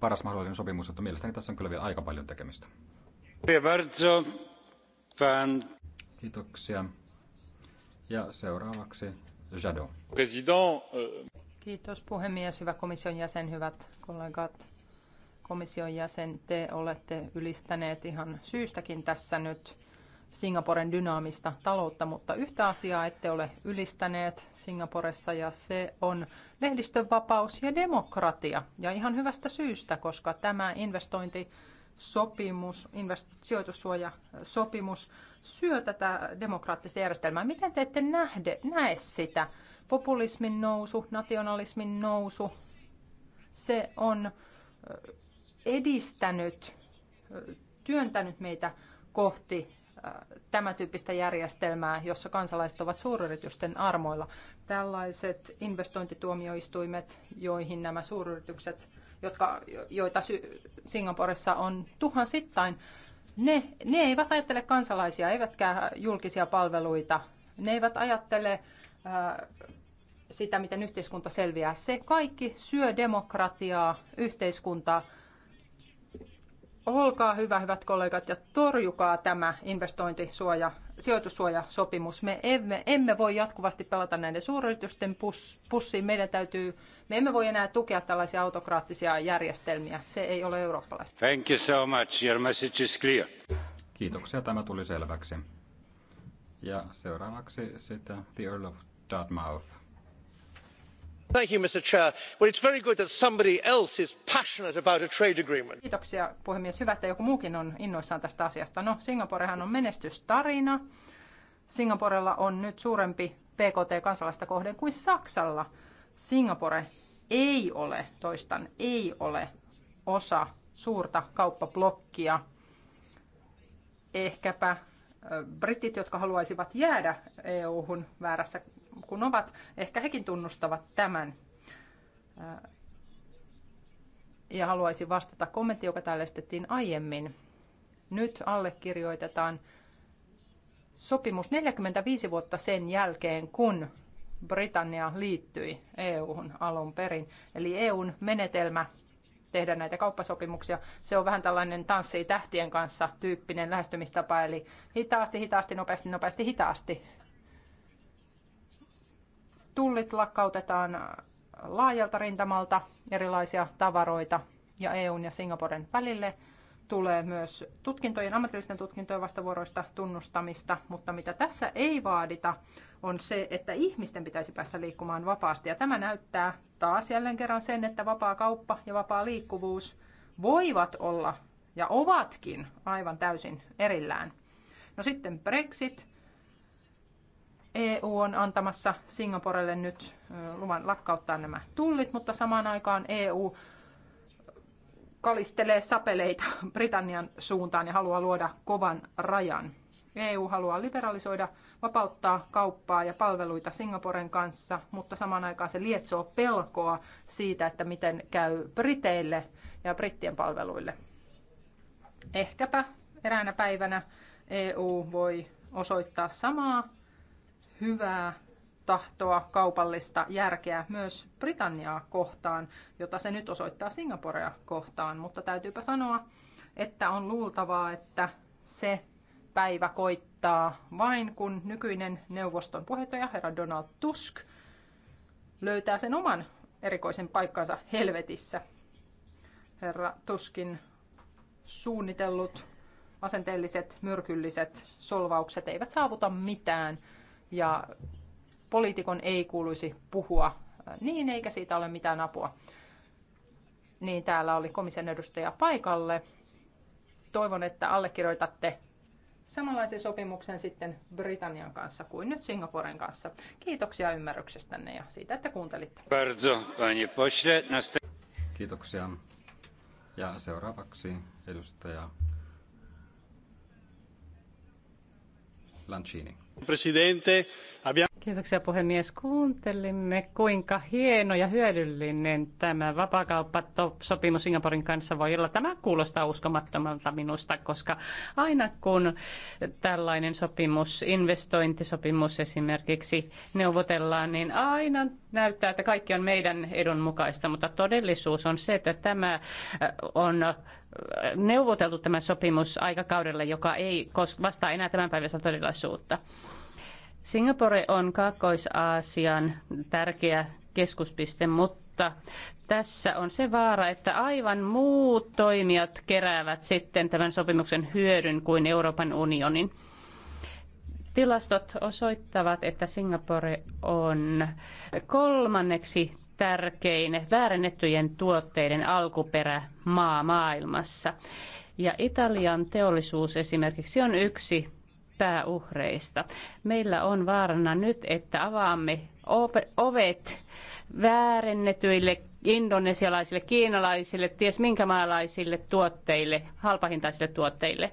S2: paras mahdollinen sopimus, mutta mielestäni tässä on kyllä vielä aika paljon tekemistä.
S4: Van... Kiitoksia. Ja seuraavaksi
S2: Jadot. President, euh,
S1: Kiitos puhemies, hyvä komission jäsen, hyvät kollegat. Komission jäsen, te olette ylistäneet ihan syystäkin tässä nyt Singaporen dynaamista taloutta, mutta yhtä asiaa ette ole ylistäneet Singaporessa ja se on lehdistönvapaus ja demokratia. Ja ihan hyvästä syystä, koska tämä investointi sopimus, sijoitussuojasopimus syö tätä demokraattista järjestelmää. Miten te ette nähde, näe sitä? Populismin nousu, nationalismin nousu, se on edistänyt, työntänyt meitä kohti tämä tyyppistä järjestelmää, jossa kansalaiset ovat suuryritysten armoilla. Tällaiset investointituomioistuimet, joihin nämä suuryritykset jotka, joita Sy- Singaporessa on tuhansittain, ne, ne eivät ajattele kansalaisia, eivätkä julkisia palveluita. Ne eivät ajattele ää, äh, sitä, miten yhteiskunta selviää. Se kaikki syö demokratiaa, yhteiskuntaa olkaa hyvä, hyvät kollegat, ja torjukaa tämä investointisuoja, sijoitussuojasopimus. Me emme, emme voi jatkuvasti pelata näiden suuryritysten pussiin. Meidän täytyy, me emme voi enää tukea tällaisia autokraattisia järjestelmiä. Se ei ole eurooppalaista.
S4: Thank you so much. Your message is clear.
S2: Kiitoksia, tämä tuli selväksi. Ja seuraavaksi sitten The Earl of
S4: Dartmouth mr president it's very good that somebody else is passionate about a trade agreement.
S1: Kiitoksia puhemies. Hyvä, että joku muukin on innoissaan tästä asiasta. No, Singaporehan on menestystarina. Singaporella on nyt suurempi PKT kansalaista kohden kuin Saksalla. Singapore ei ole, toistan, ei ole osa suurta kauppablokkia. Ehkäpä britit, jotka haluaisivat jäädä EU-hun väärässä kun ovat, ehkä hekin tunnustavat tämän. Ja haluaisin vastata kommentti, joka täällä estettiin aiemmin. Nyt allekirjoitetaan sopimus 45 vuotta sen jälkeen, kun Britannia liittyi EU-hun alun perin. Eli EUn menetelmä tehdä näitä kauppasopimuksia. Se on vähän tällainen tanssi tähtien kanssa tyyppinen lähestymistapa, eli hitaasti, hitaasti, nopeasti, nopeasti, hitaasti. Tullit lakkautetaan laajalta rintamalta erilaisia tavaroita ja EUn ja Singaporen välille – tulee myös tutkintojen, ammatillisten tutkintojen vastavuoroista tunnustamista, mutta mitä tässä ei vaadita, on se, että ihmisten pitäisi päästä liikkumaan vapaasti. Ja tämä näyttää taas jälleen kerran sen, että vapaa kauppa ja vapaa liikkuvuus voivat olla ja ovatkin aivan täysin erillään. No sitten Brexit. EU on antamassa Singaporelle nyt luvan lakkauttaa nämä tullit, mutta samaan aikaan EU kalistelee sapeleita Britannian suuntaan ja haluaa luoda kovan rajan. EU haluaa liberalisoida, vapauttaa kauppaa ja palveluita Singaporen kanssa, mutta samaan aikaan se lietsoo pelkoa siitä, että miten käy Briteille ja brittien palveluille. Ehkäpä eräänä päivänä EU voi osoittaa samaa hyvää tahtoa, kaupallista järkeä myös Britanniaa kohtaan, jota se nyt osoittaa Singaporea kohtaan. Mutta täytyypä sanoa, että on luultavaa, että se päivä koittaa vain, kun nykyinen neuvoston puheenjohtaja herra Donald Tusk löytää sen oman erikoisen paikkansa helvetissä. Herra Tuskin suunnitellut asenteelliset, myrkylliset solvaukset eivät saavuta mitään ja poliitikon ei kuuluisi puhua niin, eikä siitä ole mitään apua. Niin täällä oli komission edustaja paikalle. Toivon, että allekirjoitatte samanlaisen sopimuksen sitten Britannian kanssa kuin nyt Singaporen kanssa. Kiitoksia ymmärryksestänne ja siitä, että kuuntelitte.
S4: Kiitoksia.
S2: Ja seuraavaksi edustaja Lancini.
S4: Presidente, abbiamo... Kiitoksia puhemies.
S3: Kuuntelimme, kuinka hieno ja hyödyllinen tämä vapaakauppasopimus Singaporin kanssa voi olla. Tämä kuulostaa uskomattomalta minusta, koska aina kun tällainen sopimus, investointisopimus esimerkiksi neuvotellaan, niin aina näyttää, että kaikki on meidän edun mukaista, mutta todellisuus on se, että tämä äh, on äh, neuvoteltu tämä sopimus aikakaudella, joka ei vastaa enää tämän päivästä todellisuutta. Singapore on Kaakkois-Aasian tärkeä keskuspiste, mutta tässä on se vaara, että aivan muut toimijat keräävät sitten tämän sopimuksen hyödyn kuin Euroopan unionin. Tilastot osoittavat, että Singapore on kolmanneksi tärkein väärennettyjen tuotteiden alkuperämaa maailmassa. Ja Italian teollisuus esimerkiksi on yksi pääuhreista. Meillä on vaarana nyt, että avaamme ovet väärennetyille indonesialaisille, kiinalaisille, ties minkä maalaisille tuotteille, halpahintaisille tuotteille.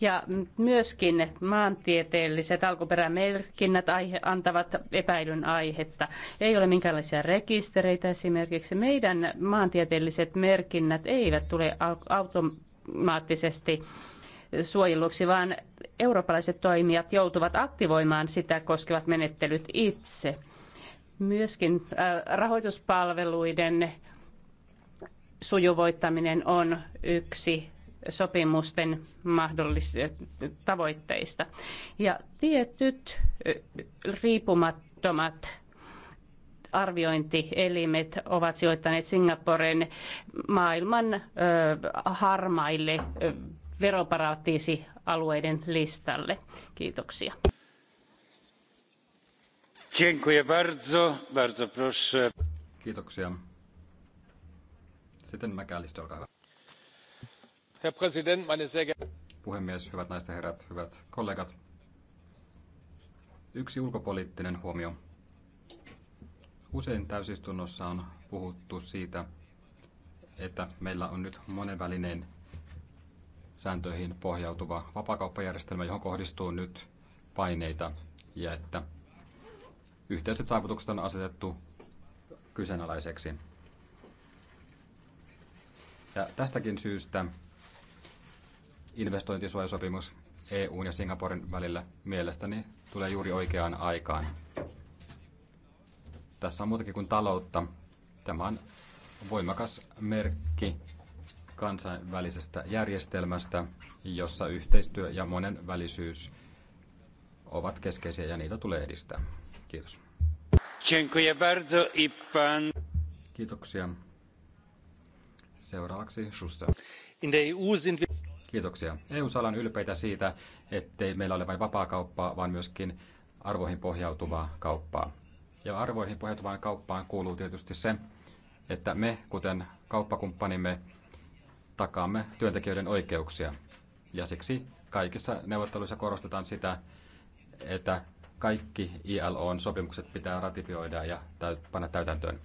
S3: Ja myöskin maantieteelliset alkuperämerkinnät aihe, antavat epäilyn aihetta. Ei ole minkäänlaisia rekistereitä esimerkiksi. Meidän maantieteelliset merkinnät eivät tule automaattisesti suojeluksi, vaan eurooppalaiset toimijat joutuvat aktivoimaan sitä koskevat menettelyt itse. Myöskin äh, rahoituspalveluiden sujuvoittaminen on yksi sopimusten mahdollisista tavoitteista. Ja tietyt äh, riippumattomat arviointielimet ovat sijoittaneet Singaporen maailman äh, harmaille veroparatiisialueiden listalle. Kiitoksia.
S4: Dziękuję bardzo. Bardzo proszę. Kiitoksia. Sitten
S2: McAllister, olkaa hyvä. Herr Präsident, meine sehr geehrten... Puhemies, hyvät naiset ja herrat, hyvät kollegat. Yksi ulkopoliittinen huomio. Usein täysistunnossa on puhuttu siitä, että meillä on nyt monenvälinen sääntöihin pohjautuva vapakauppajärjestelmä, johon kohdistuu nyt paineita ja että yhteiset saavutukset on asetettu kyseenalaiseksi. Ja tästäkin syystä investointisuojasopimus EUn ja Singaporen välillä mielestäni tulee juuri oikeaan aikaan. Tässä on muutakin kuin taloutta. Tämä on voimakas merkki kansainvälisestä järjestelmästä, jossa yhteistyö ja monenvälisyys ovat keskeisiä ja niitä tulee edistää. Kiitos. Kiitoksia. Seuraavaksi Schuster. E Kiitoksia. EU-salan ylpeitä siitä, ettei meillä ole vain vapaa kauppaa, vaan myöskin arvoihin pohjautuvaa kauppaa. Ja arvoihin pohjautuvaan kauppaan kuuluu tietysti se, että me, kuten kauppakumppanimme, takaamme työntekijöiden oikeuksia. Ja siksi kaikissa neuvotteluissa korostetaan sitä, että kaikki ILOn sopimukset pitää ratifioida ja panna täytäntöön.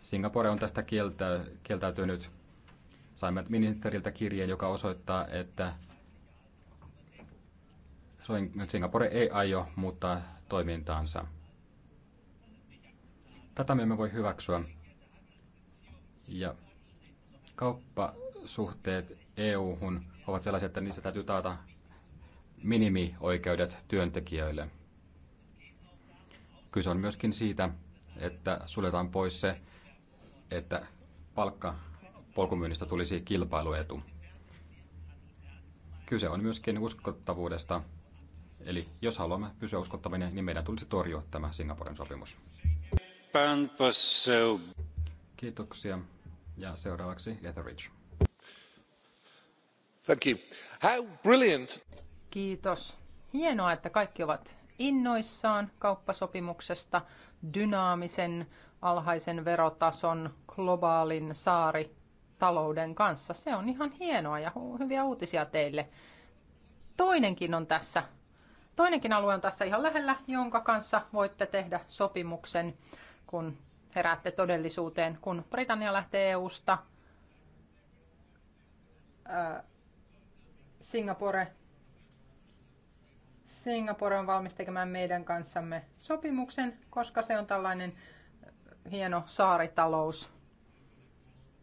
S2: Singapore on tästä kieltä, kieltäytynyt. Saimme ministeriltä kirjeen, joka osoittaa, että Singapore ei aio muuttaa toimintaansa. Tätä me emme voi hyväksyä. Ja kauppa suhteet EU-hun ovat sellaisia, että niissä täytyy taata minimioikeudet työntekijöille. Kyse on myöskin siitä, että suljetaan pois se, että palkka polkumyynnistä tulisi kilpailuetu. Kyse on myöskin uskottavuudesta, eli jos haluamme pysyä uskottavina, niin meidän tulisi torjua tämä Singaporen sopimus. Kiitoksia. Ja seuraavaksi
S4: Etheridge. Thank you. How brilliant.
S1: Kiitos. Hienoa, että kaikki ovat innoissaan kauppasopimuksesta, dynaamisen, alhaisen verotason, globaalin saari talouden kanssa. Se on ihan hienoa ja hyviä uutisia teille. Toinenkin on tässä. Toinenkin alue on tässä ihan lähellä, jonka kanssa voitte tehdä sopimuksen, kun heräätte todellisuuteen, kun Britannia lähtee EUsta. Öö, Singapore. Singapore on valmis tekemään meidän kanssamme sopimuksen, koska se on tällainen äh, hieno saaritalous.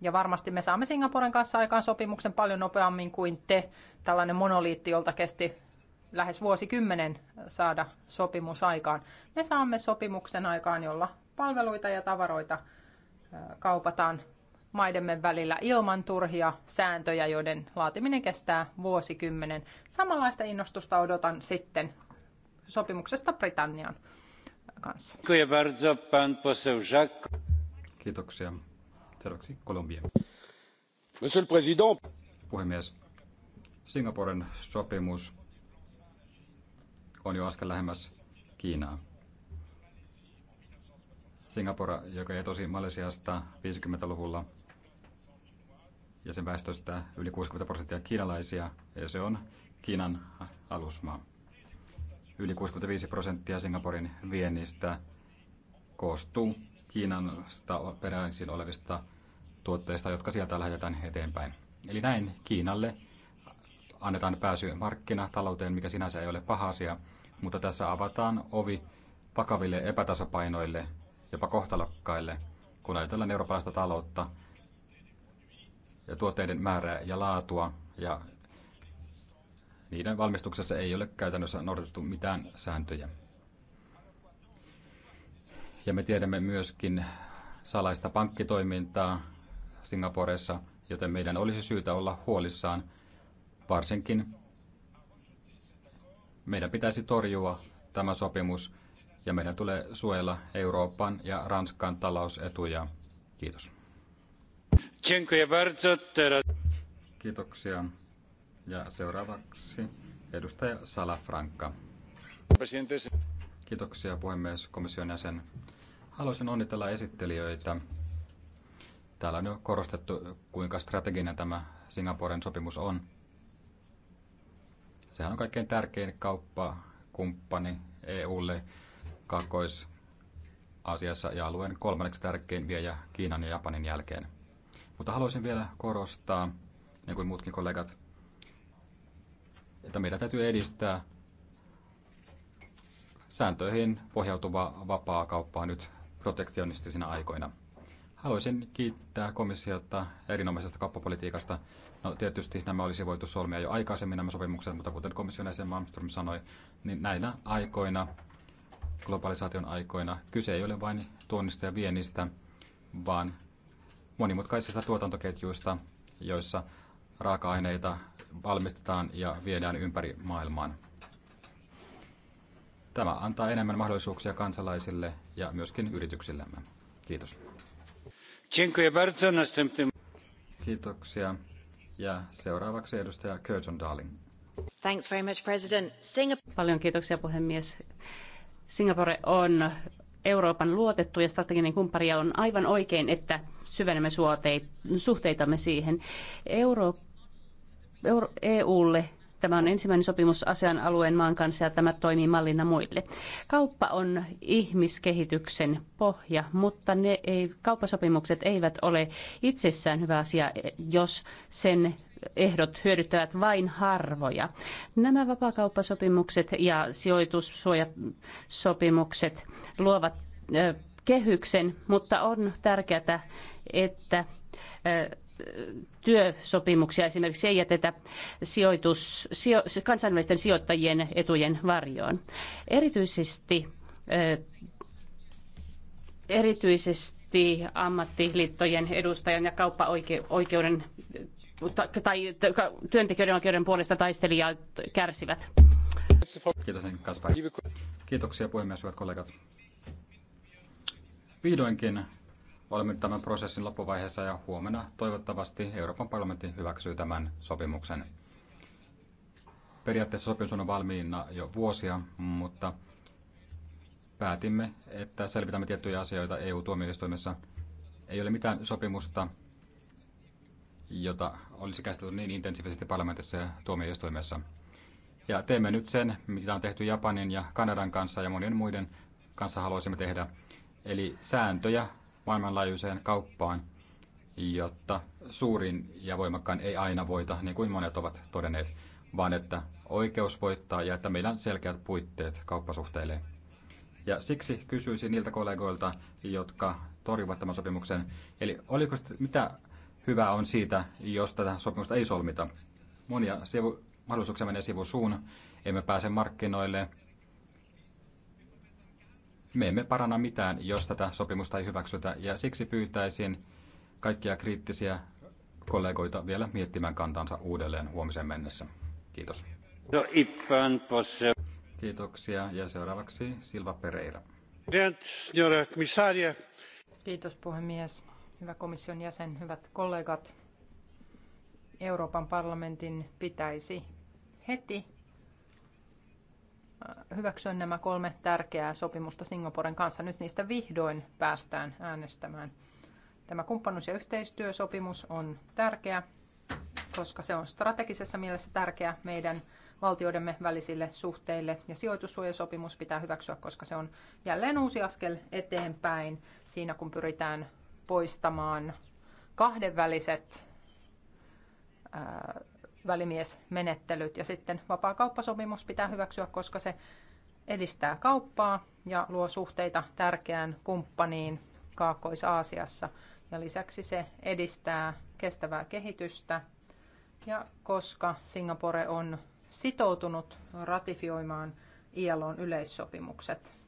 S1: Ja varmasti me saamme Singaporen kanssa aikaan sopimuksen paljon nopeammin kuin te. Tällainen monoliitti, jolta kesti lähes vuosikymmenen saada sopimus aikaan. Me saamme sopimuksen aikaan, jolla palveluita ja tavaroita äh, kaupataan maidemme välillä ilman turhia sääntöjä, joiden laatiminen kestää vuosikymmenen. Samanlaista innostusta odotan sitten sopimuksesta Britannian
S4: kanssa. Kiitoksia. Seuraavaksi Kolumbia.
S2: Monsieur le Président. Puhemies, Singaporen sopimus on jo askel lähemmäs Kiinaa. Singapore, joka etosi Malesiasta 50-luvulla, ja sen väestöstä yli 60 prosenttia kiinalaisia ja se on Kiinan alusmaa. Yli 65 prosenttia Singaporin viennistä koostuu Kiinasta peräisin olevista tuotteista, jotka sieltä lähetetään eteenpäin. Eli näin Kiinalle annetaan pääsy markkinatalouteen, mikä sinänsä ei ole paha asia, mutta tässä avataan ovi vakaville epätasapainoille, jopa kohtalokkaille, kun ajatellaan eurooppalaista taloutta – ja tuotteiden määrää ja laatua ja niiden valmistuksessa ei ole käytännössä noudatettu mitään sääntöjä. Ja me tiedämme myöskin salaista pankkitoimintaa Singaporessa, joten meidän olisi syytä olla huolissaan, varsinkin meidän pitäisi torjua tämä sopimus ja meidän tulee suojella Euroopan ja Ranskan talousetuja. Kiitos. Kiitoksia. Ja seuraavaksi edustaja Salafranca. Kiitoksia puhemies, komission jäsen. Haluaisin onnitella esittelijöitä. Täällä on jo korostettu, kuinka strateginen tämä Singaporen sopimus on. Sehän on kaikkein tärkein kauppakumppani EUlle Kaakkois-Aasiassa ja alueen kolmanneksi tärkein viejä Kiinan ja Japanin jälkeen. Mutta haluaisin vielä korostaa, niin kuin muutkin kollegat, että meidän täytyy edistää sääntöihin pohjautuvaa vapaa kauppaa nyt protektionistisina aikoina. Haluaisin kiittää komissiota erinomaisesta kauppapolitiikasta. No, tietysti nämä olisi voitu solmia jo aikaisemmin nämä sopimukset, mutta kuten komission jäsen Malmström sanoi, niin näinä aikoina, globalisaation aikoina, kyse ei ole vain tuonnista ja viennistä, vaan monimutkaisista tuotantoketjuista, joissa raaka-aineita valmistetaan ja viedään ympäri maailmaan. Tämä antaa enemmän mahdollisuuksia kansalaisille ja myöskin yrityksillemme. Kiitos. Kiitoksia. Ja seuraavaksi edustaja Curtin Darling.
S3: Thanks very much, President. Singapore... Paljon kiitoksia puhemies. Singapore on Euroopan luotettu ja strateginen kumppani on aivan oikein, että syvennämme suhteitamme siihen. Euro, Euro, EUlle Tämä on ensimmäinen sopimus asian alueen maan kanssa ja tämä toimii mallina muille. Kauppa on ihmiskehityksen pohja, mutta ne ei, kauppasopimukset eivät ole itsessään hyvä asia, jos sen ehdot hyödyttävät vain harvoja. Nämä vapaakauppasopimukset ja sijoitussuojasopimukset luovat kehyksen, mutta on tärkeää, että työsopimuksia esimerkiksi ei jätetä sijoitus, sijo, kansainvälisten sijoittajien etujen varjoon. Erityisesti, erityisesti ammattiliittojen edustajan ja kauppaoikeuden tai työntekijöiden oikeuden puolesta taistelijat kärsivät.
S2: Kiitos, niin, Kiitoksia puhemies, hyvät kollegat. Vihdoinkin olemme tämän prosessin loppuvaiheessa ja huomenna toivottavasti Euroopan parlamentti hyväksyy tämän sopimuksen. Periaatteessa sopimus on valmiina jo vuosia, mutta päätimme, että selvitämme tiettyjä asioita EU-tuomioistuimessa. Ei ole mitään sopimusta, jota olisi käsitelty niin intensiivisesti parlamentissa ja tuomioistuimessa. Ja teemme nyt sen, mitä on tehty Japanin ja Kanadan kanssa ja monien muiden kanssa haluaisimme tehdä, eli sääntöjä maailmanlaajuiseen kauppaan, jotta suurin ja voimakkaan ei aina voita, niin kuin monet ovat todenneet, vaan että oikeus voittaa ja että meillä on selkeät puitteet kauppasuhteille. Ja siksi kysyisin niiltä kollegoilta, jotka torjuvat tämän sopimuksen, eli oliko mitä hyvää on siitä, jos tätä sopimusta ei solmita. Monia sivu, mahdollisuuksia menee sivusuun, emme pääse markkinoille. Me emme paranna mitään, jos tätä sopimusta ei hyväksytä, ja siksi pyytäisin kaikkia kriittisiä kollegoita vielä miettimään kantansa uudelleen huomisen mennessä. Kiitos.
S4: No, Kiitoksia, ja seuraavaksi Silva Pereira.
S1: Kiitos puhemies hyvä komission jäsen, hyvät kollegat. Euroopan parlamentin pitäisi heti äh, hyväksyä nämä kolme tärkeää sopimusta Singaporen kanssa. Nyt niistä vihdoin päästään äänestämään. Tämä kumppanuus- ja yhteistyösopimus on tärkeä, koska se on strategisessa mielessä tärkeä meidän valtioidemme välisille suhteille. Ja sijoitussuojasopimus pitää hyväksyä, koska se on jälleen uusi askel eteenpäin siinä, kun pyritään poistamaan kahdenväliset äh, välimiesmenettelyt ja sitten vapaakauppasopimus pitää hyväksyä, koska se edistää kauppaa ja luo suhteita tärkeään kumppaniin Kaakkois-Aasiassa. Ja lisäksi se edistää kestävää kehitystä. Ja koska Singapore on sitoutunut ratifioimaan ILOn yleissopimukset.